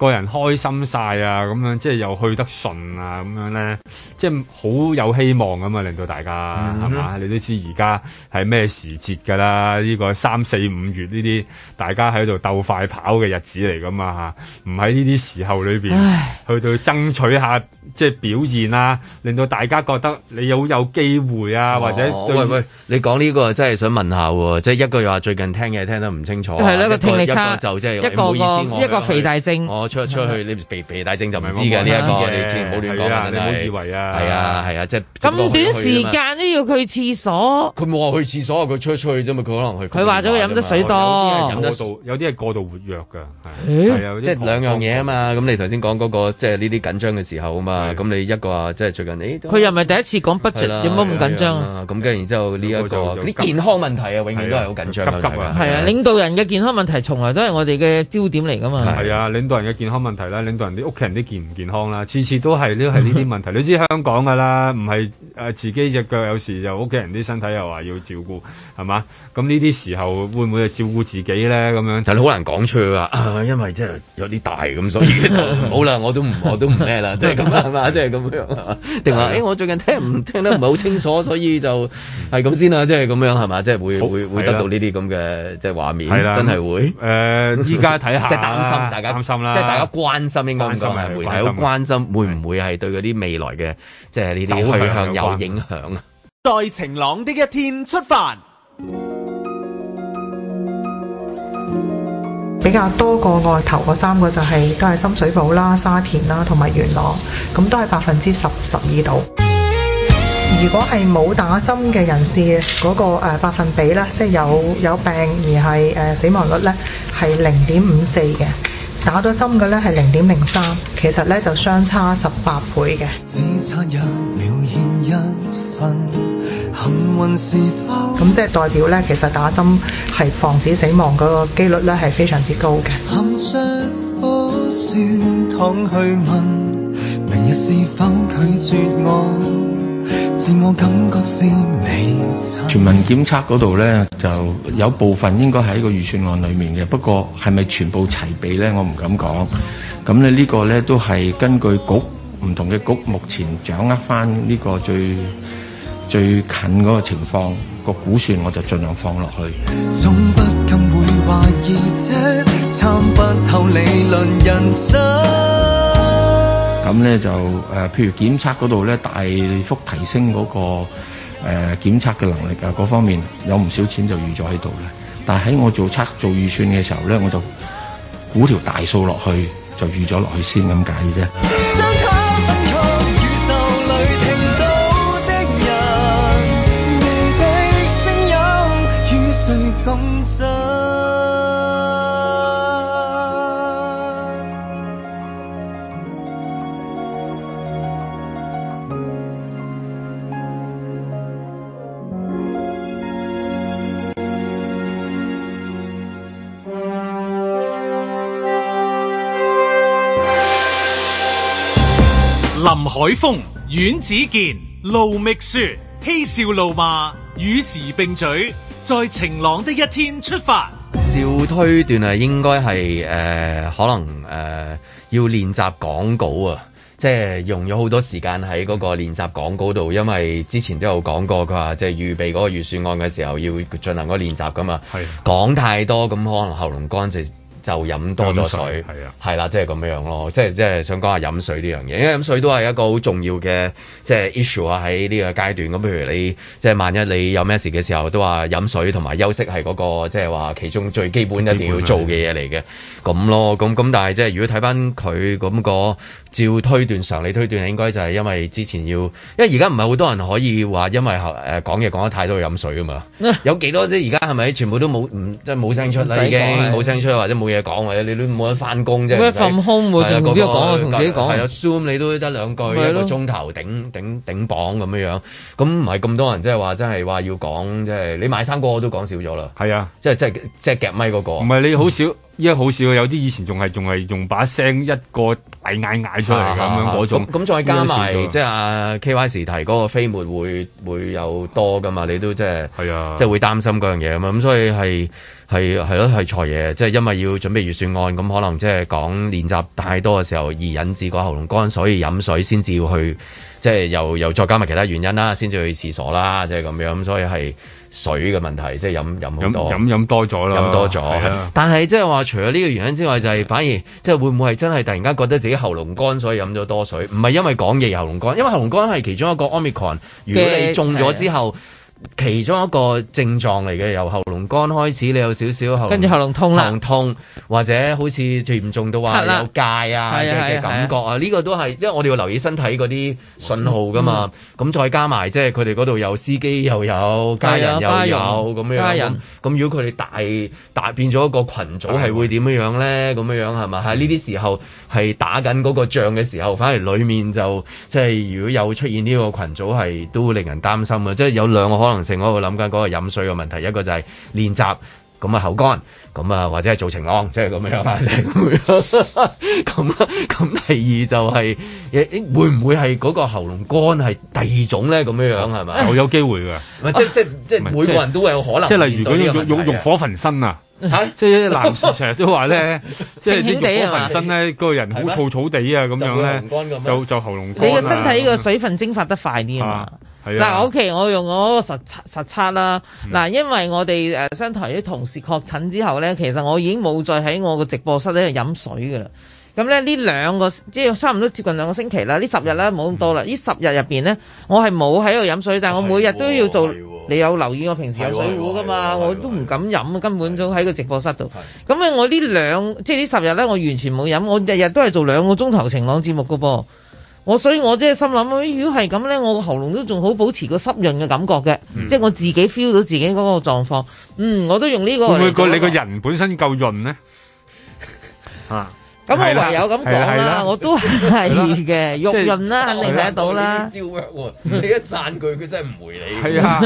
個人開心晒啊，咁樣即係又去得順啊，咁樣咧，即係好有希望咁啊，令到大家係嘛、嗯？你都知而家係咩時節㗎啦？呢、呢個三四五月呢啲大家喺度鬥快跑嘅日子嚟㗎嘛嚇，唔喺呢啲時候裏面，去到爭取下唉。即係表現啊，令到大家覺得你好有機會啊，或者喂喂，你講呢個真係想問下喎，即係一個又話最近聽嘢聽得唔清楚，係咯，個聽力差就即係一個一個肥大症。我出出去呢肥肥大症就唔知嘅呢一個，你唔好亂講，唔好以為啊，係啊係啊，即係咁短時間都要去廁所，佢冇話去廁所，佢吹出去啫嘛，佢可能去。佢話咗佢飲得水多，有啲係過度，有啲係過度活躍㗎，係即係兩樣嘢啊嘛。咁你頭先講嗰個即係呢啲緊張嘅時候啊嘛。咁你一個啊，即係最近你佢又唔係第一次講 budget，有冇咁緊張啊？咁跟住然之後呢一個啲健康問題啊，永遠都係好緊張急急啊，係啊，領導人嘅健康問題從來都係我哋嘅焦點嚟噶嘛？係啊，領導人嘅健康問題啦，領導人啲屋企人啲健唔健康啦，次次都係呢，係呢啲問題。你知香港噶啦，唔係誒自己隻腳，有時就屋企人啲身體又話要照顧，係嘛？咁呢啲時候會唔會照顧自己咧？咁樣，就好難講出去啊，因為即係有啲大咁，所以就好啦，我都唔，我都唔咩啦，即係咁即係咁樣定話誒，我最近聽唔聽得唔係好清楚，所以就係咁先啦。即係咁樣係嘛，即係會好會會得到呢啲咁嘅即係畫面，的真係會誒。依家睇下，即係擔心大家擔心啦，即係大家關心應該唔該係會好關心，會唔會係對嗰啲未來嘅即係呢啲去向有影響啊？在晴朗的一天出發。比較多過外頭個三個就係、是、都係深水埗啦，沙田啦同埋元朗，咁都係百分之十十二度。如果係冇打針嘅人士，嗰，那個誒、呃、百分比呢，即係有有病而係誒、呃、死亡率呢，係零點五四嘅；打咗針嘅呢，係零點零三，其實呢就相差十八倍嘅。只差一秒欠一分咁即係代表咧，其實打針係防止死亡嗰個幾率咧，係非常之高嘅。全民檢測嗰度咧，就有部分應該喺個預算案裏面嘅，不過係咪全部齊備咧，我唔敢講。咁你呢個咧都係根據局唔同嘅局，目前掌握翻呢個最。最近嗰個情況，個估算我就儘量放落去。咁咧就、呃、譬如檢測嗰度咧大幅提升嗰、嗰個誒、呃、檢測嘅能力嗰方面有唔少錢就預咗喺度咧。但喺我做測做預算嘅時候咧，我就估條大數落去就預咗落去先咁解啫。林海峰、阮子健、盧覓雪嬉笑怒罵，與時並嘴在晴朗的一天出發。照推斷啊，應該係誒可能誒、呃、要練習講稿啊，即係用咗好多時間喺嗰個練習講稿度，因為之前都有講過，佢話即係預備嗰個預算案嘅時候要進行個練習噶嘛。係講是的 太多咁，可能喉嚨乾淨。就飲多咗水，係啊，啦、啊，即係咁樣囉。咯，即係即係想講下飲水呢樣嘢，因為飲水都係一個好重要嘅即係 issue 啊！喺呢個階段咁，譬如你即係萬一你有咩事嘅時候，都話飲水同埋休息係嗰、那個即係話其中最基本一定要做嘅嘢嚟嘅，咁咯，咁咁但係即係如果睇翻佢咁個，照推斷常理推斷，應該就係因為之前要，因為而家唔係好多人可以話因為誒、呃、講嘢講得太多要飲水啊嘛，啊有幾多即而家係咪全部都冇、嗯、即冇聲出冇聲出或者冇。嘢講，或者你都冇得翻工啫。冇乜份工喎。同自己講啊，同自己講。係啊對對，Zoom 你都得兩句了一個鐘頭頂頂頂榜咁樣樣，咁唔係咁多人即係話，真係話要講，即、就、係、是、你買衫嗰個我都講少咗啦。係啊，即係即係即係夾咪嗰、那個。唔係你好少。 因為好少有啲以前仲係仲係用把聲一個大嗌，嗌出嚟，咁樣嗰種。咁再加埋即係啊 K Y 時提嗰個飛沫會會有多噶嘛？你都即係，即係會擔心嗰樣嘢咁啊？咁所以係係係咯，係財爺，即係因為要準備預算案，咁可能即係講練習太多嘅時候，而引致個喉嚨乾，所以飲水先至要去，即係又又再加埋其他原因啦，先至去廁所啦，即係咁樣。咁所以係。水嘅問題，即係飲飲好多飲飲多咗啦，飲多咗。的但係即係話，除咗呢個原因之外，就係、係、反而即係會唔會係真係突然間覺得自己喉嚨乾，所以飲咗多水？唔係因為講嘢喉嚨乾，因為喉嚨乾係其中一個 omicron。如果你中咗之後，其中一個症狀嚟嘅，由喉嚨乾開始，你有少少喉，跟住喉嚨痛啦，喉痛，痛或者好似嚴重到話有戒啊嘅了感覺啊，呢了個都係，因為我哋要留意身體嗰啲訊號㗎嘛。咁、嗯、再加埋即係佢哋嗰度有司機又有家人，家人又有咁用樣，咁人如果佢哋大大變咗一個羣組係會點樣咧？咁人樣樣係嘛？喺呢啲時候係打緊嗰個仗嘅時候，反而裏面就即係、就是、如果有出現呢個群組係都會令人擔心嘅，即係有兩個可。可能性我會諗緊嗰個飲水嘅問題，一個就係練習，咁啊口乾，咁啊或者係做晴朗，即係咁樣樣，咁咁第二就係，會唔會係嗰個喉嚨乾係第二種咧？咁樣樣係咪？有有機會噶，唔即即即每個人都有可能。即係例如嗰啲欲火焚身啊，即係男士成日都話咧，即係啲欲火焚身咧，嗰個人好燥燥地啊，咁樣咧，就就喉嚨乾，你個身體個水分蒸發得快啲啊。嗱，我其實我用我嗰個實，實測啦。嗱、嗯，因為我哋誒商台啲同事確診之後咧，其實我已經冇再喺我個直播室度飲水噶啦。咁咧呢兩個即係差唔多接近兩個星期啦，呢十日咧，冇咁多啦。呢、嗯、十日入邊咧，我係冇喺度飲水，但我每日都要做。你有留意我平時有水壺噶嘛？我都唔敢飲，根本都喺個直播室度。咁啊，我呢兩即係呢十日咧，我完全冇飲，我日日都係做兩個鐘頭晴朗節目噶噃。我所以，我即係心諗，如果係咁咧，我個喉嚨都仲好保持個濕潤嘅感覺嘅，嗯、即係我自己 feel 到自己嗰個狀況。嗯，我都用呢個，這個。佢得會會你個人本身夠潤咧， 咁我唯有咁講啦，我都係嘅，玉潤啦，肯定睇得到啦。你一讚佢，佢真係唔回你。係啊，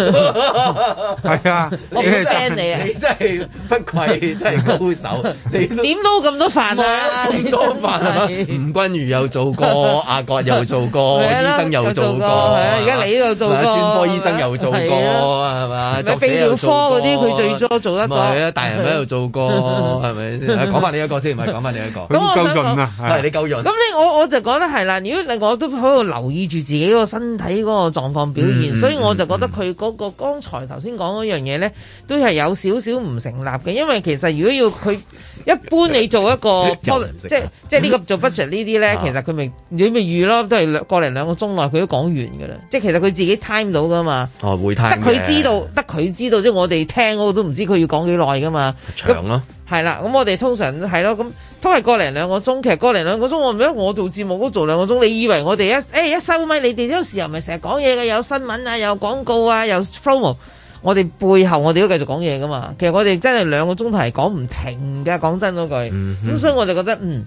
係啊，我好 fan 你啊！你真係不愧真係高手。你點攞咁多飯啊？咁多飯啊！吳君如又做過，阿國又做過，醫生又做過，而家你呢度做過，專科醫生又做過，係嘛？泌尿科嗰啲佢最多做得多。唔係啊，大人喺度做過係咪先？講翻你一個先，唔係講翻你一個。咁啊！係你夠勁。咁你我我就覺得係啦。如果我都喺度留意住自己個身體嗰個狀況表現，嗯、所以我就覺得佢嗰個剛才頭先講嗰樣嘢咧，都係有少少唔成立嘅。因為其實如果要佢。一般你做一個即係即係呢個做 budget 呢啲咧，啊、其實佢咪你咪預咯，都係兩，過零兩個鐘內佢都講完㗎啦。即係其實佢自己 time 到噶嘛。哦，會 time 得佢知道，得佢，啊、知道即係、就是、我哋聽我都唔知佢要講幾耐噶嘛。長咯、啊，係啦。咁我哋通常係咯，咁都係過零兩個鐘。其實過零兩個鐘，我唔知我做節目都做兩個鐘。你以為我哋一、欸、一收咪？你哋有時候咪成日講嘢嘅，有新聞啊，有廣告啊，有 promo。我哋背後我哋都繼續講嘢㗎嘛，其實我哋真係兩個鐘頭係講唔停㗎。講真嗰句，咁、嗯、哼所以我就覺得嗯。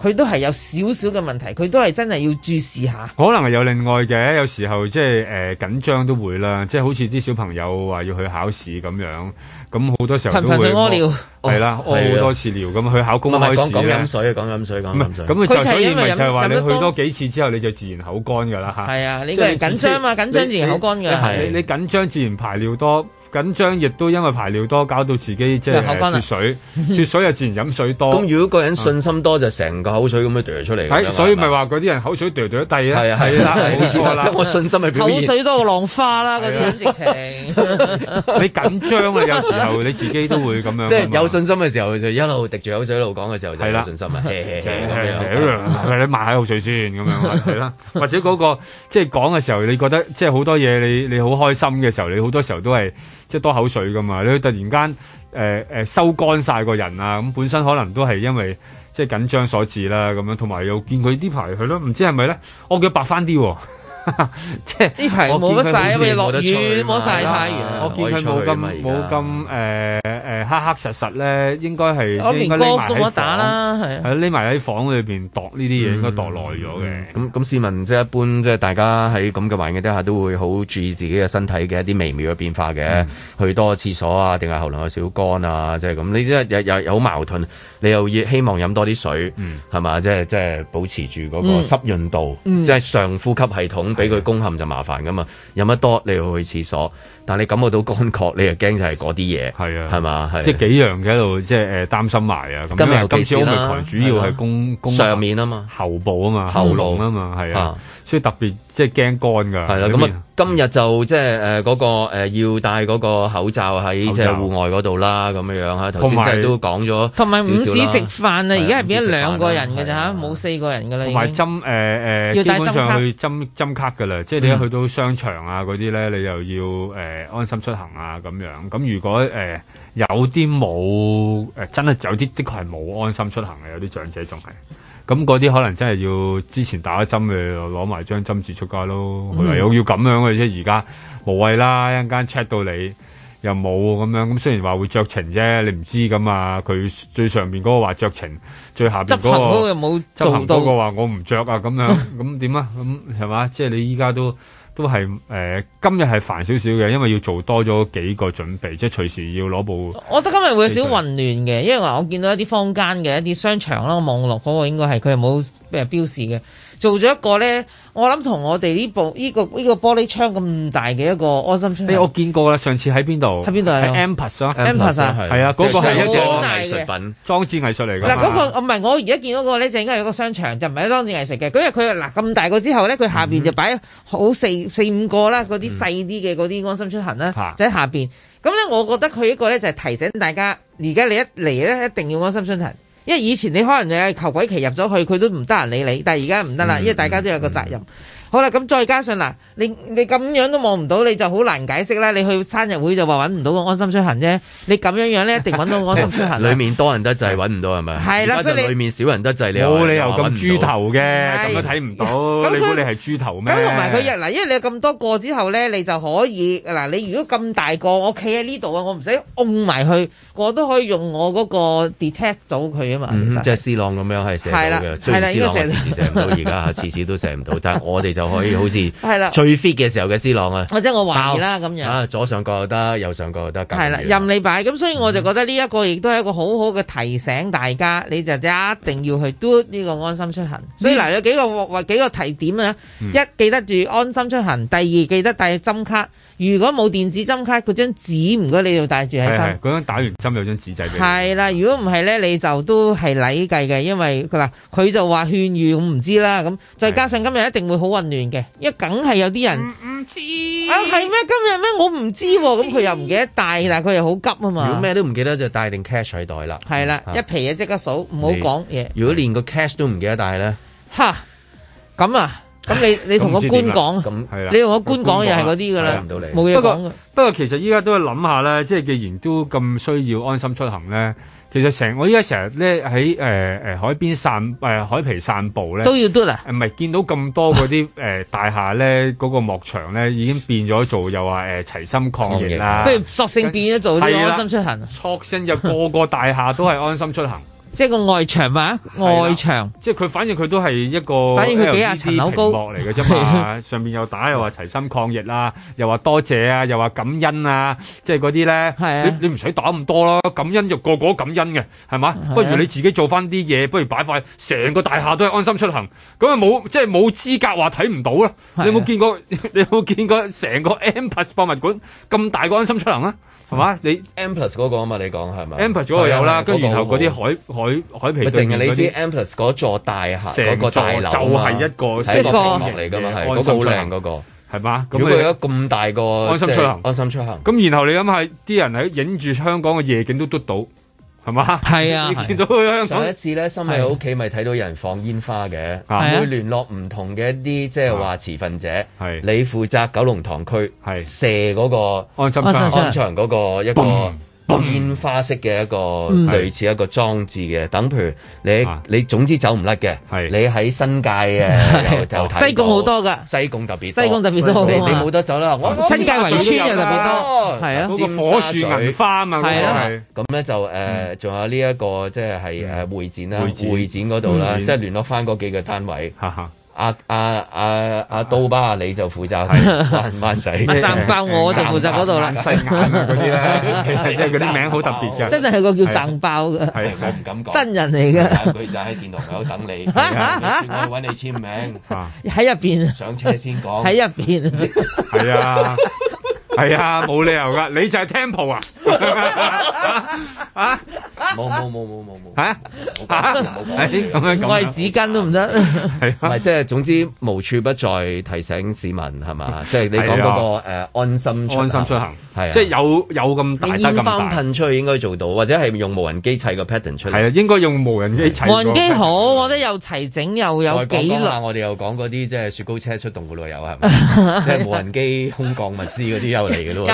佢都係有少少嘅問題，佢都係真係要注視下。可能係有另外嘅，有時候即係誒、呃、緊張都會啦，即係好似啲小朋友話要去考試咁樣，咁好多時候都會。屙尿，係 啦，屙好多次尿，咁去考公開試咧。講,講飲水，講飲水，講飲水。佢就,就因為飲所以咪就係話你去多幾次之後，你就自然口乾噶啦嚇。係啊，你係緊張啊嘛，緊張自然口乾㗎。你是你緊張自然排尿多。緊張亦都因為排尿多，搞到自己即係脱水，脫水啊自然飲水多。咁如果個人信心多，就成個口水咁樣掉出嚟。係，所以咪話嗰啲人口水掉掉一滴咧。係，啊，係啦，好錯啦。即係我信心係口水多浪花啦，嗰啲直情。你緊張啊，有時候你自己都會咁樣。即係有信心嘅時候就一路滴住口水一路講嘅時候係啦，信心啊，係係係係係咁樣。係你抹口水先咁樣，係啦。或者嗰個即係講嘅時候，你覺得即係好多嘢，你你好開心嘅時候，你好多時候都係。即係多口水㗎嘛，你突然間誒、呃呃、收乾晒個人啊，咁、嗯、本身可能都係因為即係緊張所致啦，咁樣同埋又見佢啲排佢咯，唔知係咪咧？我叫佢白翻啲喎， 即係呢排冇得晒，因為落雨冇晒太陽，我見佢冇咁冇咁誒。黑黑實實咧，應該係應該匿埋喺房。係啊，匿埋喺房裏邊度呢啲嘢，嗯、應該度耐咗嘅。咁咁，市民即係、就是、一般，即、就、係、是、大家喺咁嘅環境底下，都會好注意自己嘅身體嘅一啲微妙嘅變化嘅。嗯、去多廁所啊，定係喉嚨有少少乾啊，即係咁。你即係又又有矛盾，你又要希望飲多啲水，係嘛、嗯？即係即係保持住嗰個濕潤度，即係、嗯、上呼吸系統俾佢攻陷就麻煩㗎嘛。飲得的多你要去廁所，但你感覺到乾渴，你又驚就係嗰啲嘢，係啊的，係嘛？ 即係幾樣嘅喺度，即係誒、呃、擔心埋啊！咁今今次 Omicron 主要係公公上面啊嘛，喉部啊嘛，喉嚨啊嘛，係、嗯、啊。所以特別即係驚乾㗎。係啦，咁啊，今日就即係誒嗰個誒要戴嗰個口罩喺即係戶外嗰度啦，咁樣樣嚇。頭先就都講咗。同埋午市食飯啊，而家係變咗兩個人㗎咋，冇四個人㗎啦。同埋針誒誒，要帶針卡，針針卡㗎啦。即係你一去到商場啊嗰啲咧，你又要誒安心出行啊咁樣。咁如果誒有啲冇誒真係有啲的確係冇安心出行嘅，有啲長者仲係。咁嗰啲可能真係要之前打咗針，咪攞埋張針紙出街咯，唯又、嗯、要咁樣嘅啫。而家無謂啦，一陣間 check 到你又冇咁樣。咁雖然話會着情啫，你唔知咁啊。佢最上面嗰個話着情，最下面嗰、那個執行嗰又冇執行多個話我唔着啊咁樣。咁點啊？咁係嘛？即、就、係、是、你依家都。都係誒、呃，今日係煩少少嘅，因為要做多咗幾個準備，即係隨時要攞部。我覺得今日會有少少混亂嘅，因為話我見到一啲坊間嘅一啲商場啦，網絡 𠮶 個應該係佢又冇咩標示嘅。做咗一個咧，我諗同我哋呢部呢、這個呢、這個玻璃窗咁大嘅一個安心出行。我見過啦，上次喺邊度？喺邊度？喺 M+ 啊，M+ 係啊，嗰個係一個藝術品，裝置藝術嚟㗎。嗱嗰、那個唔係我而家見嗰個咧，就、這個、應該係一個商場，就唔係裝置藝術嘅。咁啊佢嗱咁大個之後咧，佢下面就擺好四四五個啦，嗰啲細啲嘅嗰啲安心出行啦，就喺下面。咁咧，我覺得佢一個咧就係提醒大家，而家你一嚟咧一定要安心出行。因為以前你可能係求鬼其入咗去，佢都唔得閒理你，但係而家唔得啦，因為大家都有個責任。嗯嗯嗯好啦，咁再加上嗱，你你咁樣都望唔到，你就好難解釋啦。你去生日會就話搵唔到個安心出行啫，你咁樣樣咧一定搵到安心出行啦。裏面多人得滯搵唔到係咪？係啦，所以你裏面少人得滯，你冇理由咁豬頭嘅，咁睇唔到。你估你係豬頭咩？咁同埋佢，嗱，因為你咁多個之後咧，你就可以嗱，你如果咁大個，我企喺呢度啊，我唔使㧬埋去，我都可以用我嗰個 detect 到佢啊嘛。即係 C 朗咁樣係寫到嘅，所以寫唔到而家，次次都寫唔到。但係我哋。嗯、就可以好似係啦最 fit 嘅時候嘅 C 朗啊，或者的我懷疑啦咁樣啊，左上角又得，右上角又得，係啦，任你擺咁，嗯、所以我就覺得呢一個亦都係一個好好嘅提醒大家，嗯、你就一定要去 do 呢個安心出行。嗯、所以嗱有幾個或幾個提點啊，嗯、一記得住安心出行，第二記得帶針卡，如果冇電子針卡，嗰張紙唔該你要帶住喺身。嗰張打完針有張紙仔俾。係啦，如果唔係咧，你就都係禮計嘅，因為佢話佢就話勸喻，我唔知啦。咁再加上今日一定會好運。亂嘅，梗係有啲人唔知啊，係咩今日咩？我唔知，咁佢又唔記得帶，但係佢又好急啊嘛。如果咩都唔記得就帶定 cash 喺袋啦。係啦，一皮嘢即刻數，唔好講嘢。如果連個 cash 都唔記得帶咧，吓咁啊，咁你你同個官講，你同個官講又係嗰啲噶啦，冇嘢講。不過不過，其實依家都諗下咧，即係既然都咁需要安心出行咧。其實成我依家成日咧喺誒誒海邊散誒、呃、海皮散步咧都要 do 啦，唔係見到咁多嗰啲誒大廈咧嗰個幕牆咧已經變咗做又話誒齊心抗疫啦，不、嗯、如索性變咗做對安心出行，索性就個個大廈都係安心出行。 即係個外牆啊，外牆。即係佢，反正佢都係一個，反正佢幾廿層樓高落嚟嘅啫嘛。的上邊又打又話齊心抗疫啦，又話多謝啊，又話感恩啊，即係嗰啲咧。你你唔使打咁多咯，感恩就個個感恩嘅，係嘛？的不如你自己做翻啲嘢，不如擺塊成個大廈都係安心出行，咁啊冇即係冇資格話睇唔到啦。的你有冇見過？你有冇見過成個 M+ 博物館咁大個安心出行啊？係嘛？你 M+ 嗰個啊嘛？你講係咪？M+ 嗰個有啦，跟住然後嗰啲海海海皮，淨係你知 M+ 嗰座大廈嗰個大樓係一個一個屏幕嚟噶嘛？嗰個好靚嗰個係嘛？如果佢而家咁大個安心出行，安心出行，咁然後你諗下，啲人係影住香港嘅夜景都捉到。係嘛？係啊！上一次咧，心喺屋企咪睇到有人放煙花嘅，會聯絡唔同嘅一啲即係話持份者，你負責九龍塘區射嗰個安心場嗰個一個。煙花式嘅一個類似一個裝置嘅，等譬如你你總之走唔甩嘅，你喺新界嘅西貢好多噶，西貢特別，西貢特別多，你冇得走啦。新界圍村又特別多，係啊，好似火樹銀花咁樣，咁咧就誒，仲有呢一個即係係誒會展啦，會展嗰度啦，即係聯絡翻嗰幾個單位。哈哈阿阿阿阿刀巴，你就負責掹仔，掹唔爆我就負責嗰度啦。細眼嗰啲咧，其實即係嗰啲名好特別㗎，真係係個叫讚爆嘅，係佢唔敢講，真人嚟嘅。佢就喺電腦口等你，我揾你簽名，喺入邊上車先講，喺入邊。係啊，係啊，冇理由㗎，你就係 Temple 啊。冇冇冇冇冇冇冇冇，我係紙巾都唔得，唔係，即係總之無處不在提醒市民係嘛？即係你講嗰個誒安心安心出行，係即係有有咁大得咁大，噴出去應該做到，或者係用無人機砌個 pattern 出嚟，應該用無人機砌。無人機好，我覺得又齊整又有幾啦，我哋又講嗰啲即係雪糕車出動嘅咯有，係咪？即係無人機空降物資嗰啲又嚟嘅咯，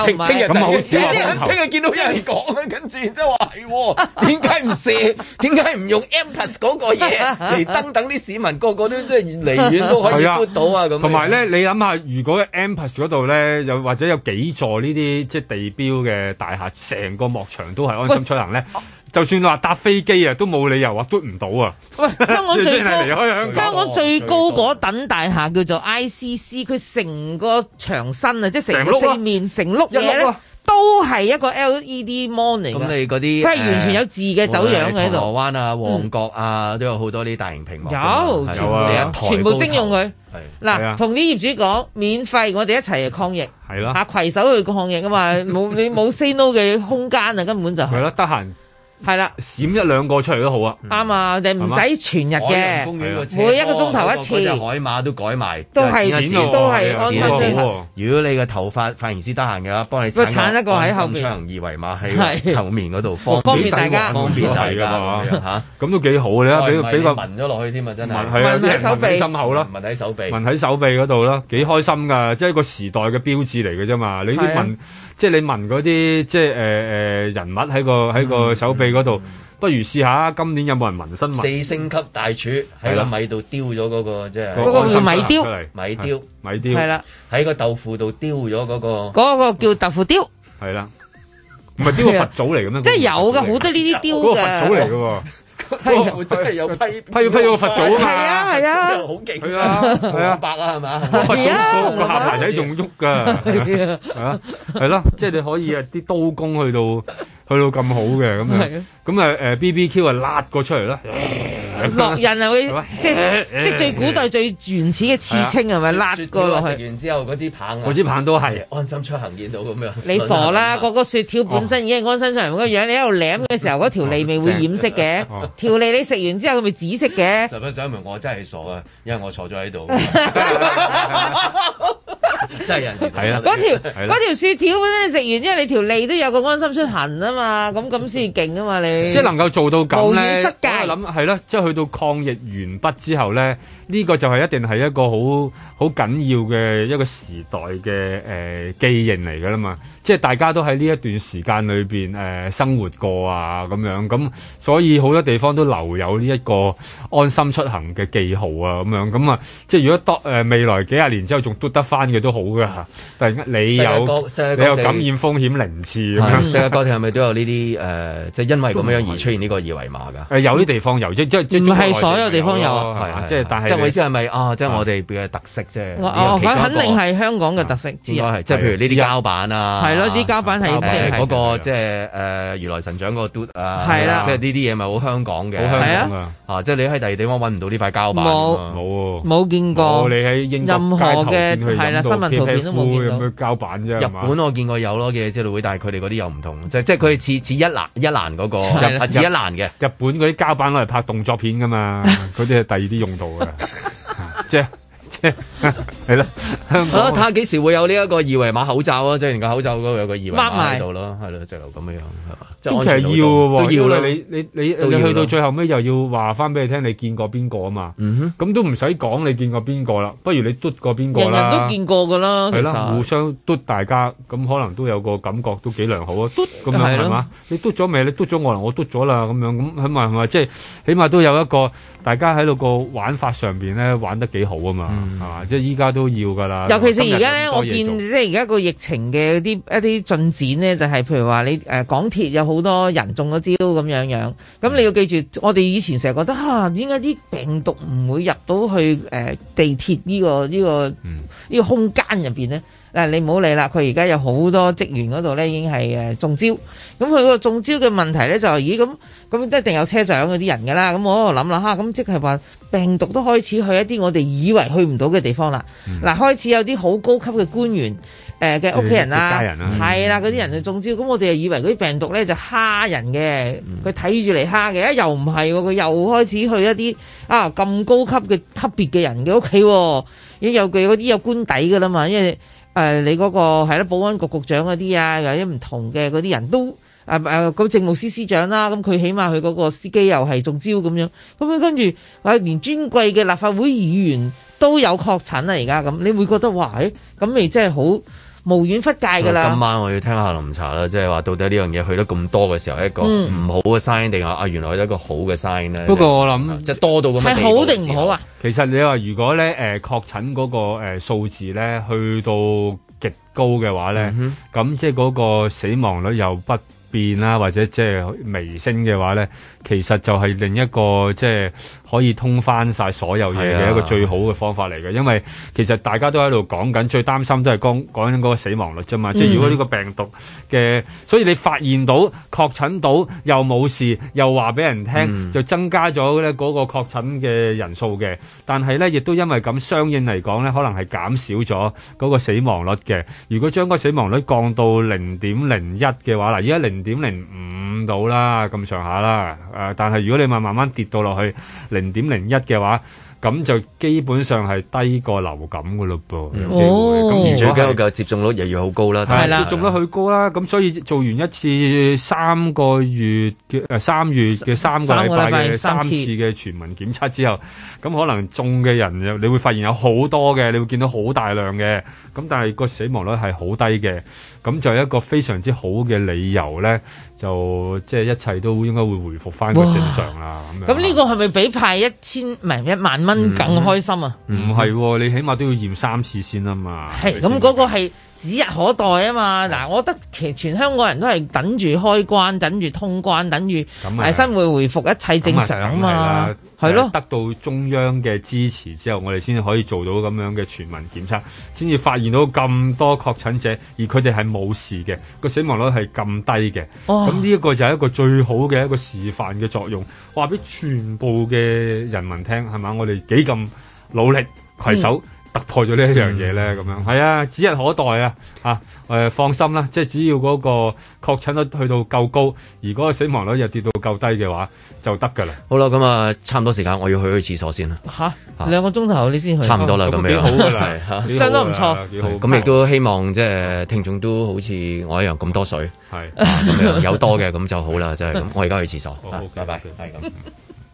聽日見到有人講跟住，即係話點解唔射？點解唔用 M+ 嗰個嘢嚟登？等啲市民 個個都即係離遠都可以 g 到啊！咁同埋咧，你諗下，如果 M+ 嗰度咧，又或者有幾座呢啲即係地標嘅大廈，成個幕牆都係安心出行咧，喂就算話搭飛機沒說不啊，都冇理由話 g 唔到啊！香港最高，香港最高嗰等大廈叫做 ICC，佢成個牆身個個啊，即係成四面成碌嘢咧。都係一個 LED 螢幕嚟嘅，咁你啲，佢係完全有字嘅走樣喺度。銅鑼灣啊，旺角啊，都有好多啲大型屏幕，有全部徵用佢。嗱，同啲業主講免費，我哋一齊嚟抗疫，吓攜手去抗疫啊嘛！冇你冇 say no 嘅空間啊，根本就係。係咯，得閒。係啦，閃一兩個出嚟都好啊，啱啊，就唔使全日嘅，每一個鐘頭一次。真係海馬都改埋，都係都係安踏品牌。如果你個頭髮髮型師得閒嘅話，幫你鏟一個喺後邊二維碼喺後面度，方便大家，方便係啦，吓，咁都幾好咧，俾個俾個紋咗落去添嘛真係。紋喺手臂，心口啦，紋喺手臂，紋喺手臂嗰度啦，幾開心噶，即係一個時代嘅標誌嚟嘅啫嘛，你啲紋。即係你紋嗰啲即係誒、呃、人物喺個喺個手臂嗰度，嗯嗯、不如試下今年有冇人紋身嘛？四星級大廚喺個米度雕咗嗰個即係嗰個叫、就是、米雕刀刀，米雕米雕係啦，喺了個豆腐度雕咗嗰個嗰個叫豆腐雕係啦，唔係雕個佛祖嚟嘅咩？即係有嘅，好多呢啲雕佛祖嚟噶。係真係有批批批咗個佛祖啊嘛，係啊係啊，好勁係啊，係啊，白啊，係嘛？係啊，個下巴仔仲喐噶，係啊，係啦，即係你可以啊，啲刀工去到。去到咁好嘅咁，咁啊誒 B B Q 啊焫過出嚟啦，烙印係會即係即係最古代最原始嘅刺青係咪焫過落去？食完之後嗰支棒，嗰支棒都係安心出行見到咁樣。你傻啦？個個雪條本身已經係安心出行個樣，你喺度舐嘅時候嗰條脷咪會染色嘅？條脷你食完之後佢咪紫色嘅？十分想問我真係傻啊，因為我坐咗喺度。真係人哋睇啦，嗰條嗰、啊、條雪條本身你食完之後，因為你條脷都有個安心出行啊嘛，咁咁先勁啊嘛你。即係能夠做到咁咧，我諗係咯，即係去到抗疫完畢之後咧，呢、呢個就係一定係一個好好緊要嘅一個時代嘅誒記認嚟㗎啦嘛。即係大家都喺呢一段時間裏邊誒、呃、生活過啊咁樣，咁所以好多地方都留有呢一個安心出行嘅記號啊咁樣，咁啊即係如果多、呃、未來幾廿年之後仲嘟得翻嘅都。好噶，但係你有你有感染風險零次，世界各地係咪都有呢啲誒，即係因為咁樣而出現呢個二維碼噶？有啲地方有，即係即係唔係所有地方有？即係但係即係我意思係咪？啊，即係我哋嘅特色啫。哦，肯定係香港嘅特色之外，即係譬如呢啲膠板啊，係咯，啲膠板係嗰個即係誒如來神掌嗰個 d 啊，係啦，即係呢啲嘢咪好香港嘅，係啊，即係你喺第二地方揾唔到呢塊膠板，冇冇冇見過？你喺任何嘅係啦都冇見到，膠板啫。日本我見過有咯，嘅即係會，但係佢哋嗰啲又唔同，即係即係佢似似一欄一欄嗰個，似的、啊、一欄嘅。日本嗰啲膠板攞嚟拍動作片噶嘛，嗰啲係第二啲用途嘅，即係即係係咯。睇下幾時會有呢 一個二維碼口罩啊！即係個口罩嗰度有個二維碼喺度咯，係咯，直頭咁樣樣係嘛？嗯都其實要喎，到你你你你去到最後尾又要話翻俾你聽，你見過邊個啊嘛？咁都唔使講，你見過邊個啦？不如你嘟過邊個啦？人人都見過㗎啦，係啦，互相嘟大家，咁可能都有個感覺，都幾良好啊！嘟咁樣係嘛？你嘟咗未？你嘟咗我，我嘟咗啦咁樣，咁起碼係咪即係起碼都有一個大家喺度個玩法上面咧玩得幾好啊嘛？係嘛？即係依家都要㗎啦。尤其是而家咧，我見即係而家個疫情嘅一啲一啲進展咧，就係譬如話你誒港鐵有好。好多人中咗招咁樣樣，咁你要記住，我哋以前成日覺得啊點解啲病毒唔會入到去誒地鐵呢、呢個呢、呢個呢、呢個空間入邊咧？嗱，你唔好理啦，佢而家有好多職員嗰度咧，已經係誒中招。咁佢個中招嘅問題咧就係、是，咦咁咁都一定有車長嗰啲人噶啦。咁我喺度諗啦，吓、啊，咁即係話病毒都開始去一啲我哋以為去唔到嘅地方啦。嗱、嗯，開始有啲好高級嘅官員。誒嘅屋企人啦、啊，係啦、啊，嗰啲、啊、人就中招，咁、嗯、我哋就以為嗰啲病毒咧就蝦人嘅，佢睇住嚟蝦嘅，又唔係、啊，佢又開始去一啲啊咁高級嘅級別嘅人嘅屋企，已經有佢嗰啲有官邸㗎啦嘛，因為誒、呃、你嗰、那個係啦、啊，保安局局長嗰啲啊，有啲唔同嘅嗰啲人都誒咁、呃呃、政務司司長啦、啊，咁、嗯、佢起碼佢嗰個司機又係中招咁樣，咁、嗯、樣跟住啊連尊貴嘅立法會議員都有確診啦、啊，而家咁，你會覺得哇，咁、欸、你真係好～無遠弗屆㗎啦！今晚我要聽下林茶啦，即係話到底呢樣嘢去得咁多嘅時候，一個唔好嘅 sign 定係啊，原來一個好嘅 sign 咧？嗯就是、不過我諗就是、多到咁，係好定唔好啊？其實你話如果咧誒確診嗰、嗰個數、呃、數字咧去到極高嘅話咧，咁即係嗰個死亡率又不變啦，或者即係微升嘅話呢，其實就係另一個即係、就是、可以通翻晒所有嘢嘅一個最好嘅方法嚟嘅。是啊、因為其實大家都喺度講緊，最擔心都係講講緊嗰個死亡率啫嘛。嗯、即係如果呢個病毒嘅，所以你發現到確診到又冇事，又話俾人聽，嗯、就增加咗呢嗰個確診嘅人數嘅。但係呢，亦都因為咁，相應嚟講呢可能係減少咗嗰個死亡率嘅。如果將個死亡率降到零點零一嘅話，嗱，而家零。點零五到啦，咁上下啦。誒，但係如果你話慢慢跌到落去零點零一嘅話。咁就基本上係低過流感嘅咯噃，哦，咁而且而家個接種率又要好高啦，接種率去高啦，咁所以做完一次三個月嘅三月嘅三個禮拜嘅三次嘅全民檢測之後，咁可能中嘅人又你會發現有好多嘅，你會見到好大量嘅，咁但係個死亡率係好低嘅，咁就一個非常之好嘅理由咧。就即係一切都應該會回復翻個正常啦。咁咁呢個係咪比派一千唔係一萬蚊更開心啊？唔係、嗯，你起碼都要驗三次先啊嘛。係，咁嗰個係。指日可待啊嘛！嗱的，我覺得其實全香港人都係等住開關，等住通關，等住誒生活恢復一切正常啊嘛！係咯，得到中央嘅支，的支持之後，我哋先至可以做到咁樣嘅全民檢測，先至發現到咁多確診者，而佢哋係冇事嘅，個死亡率係咁低嘅。咁呢一個就係一個最好嘅一個示範嘅作用，話俾全部嘅人民聽係嘛？我哋幾咁努力攜手。嗯突破咗呢一樣嘢咧，咁樣係啊，指日可待啊！嚇，誒放心啦，即係只要嗰個確診率去到夠高，而嗰個死亡率又跌到夠低嘅話，就得㗎啦。好啦，咁啊，差唔多時間，我要去去廁所先啦。吓，兩個鐘頭你先去？差唔多啦，咁樣好㗎啦，你都唔錯，幾好。咁亦都希望即係聽眾都好似我一樣咁多水，係咁樣有多嘅咁就好啦，就係咁。我而家去廁所，好，拜拜，係咁。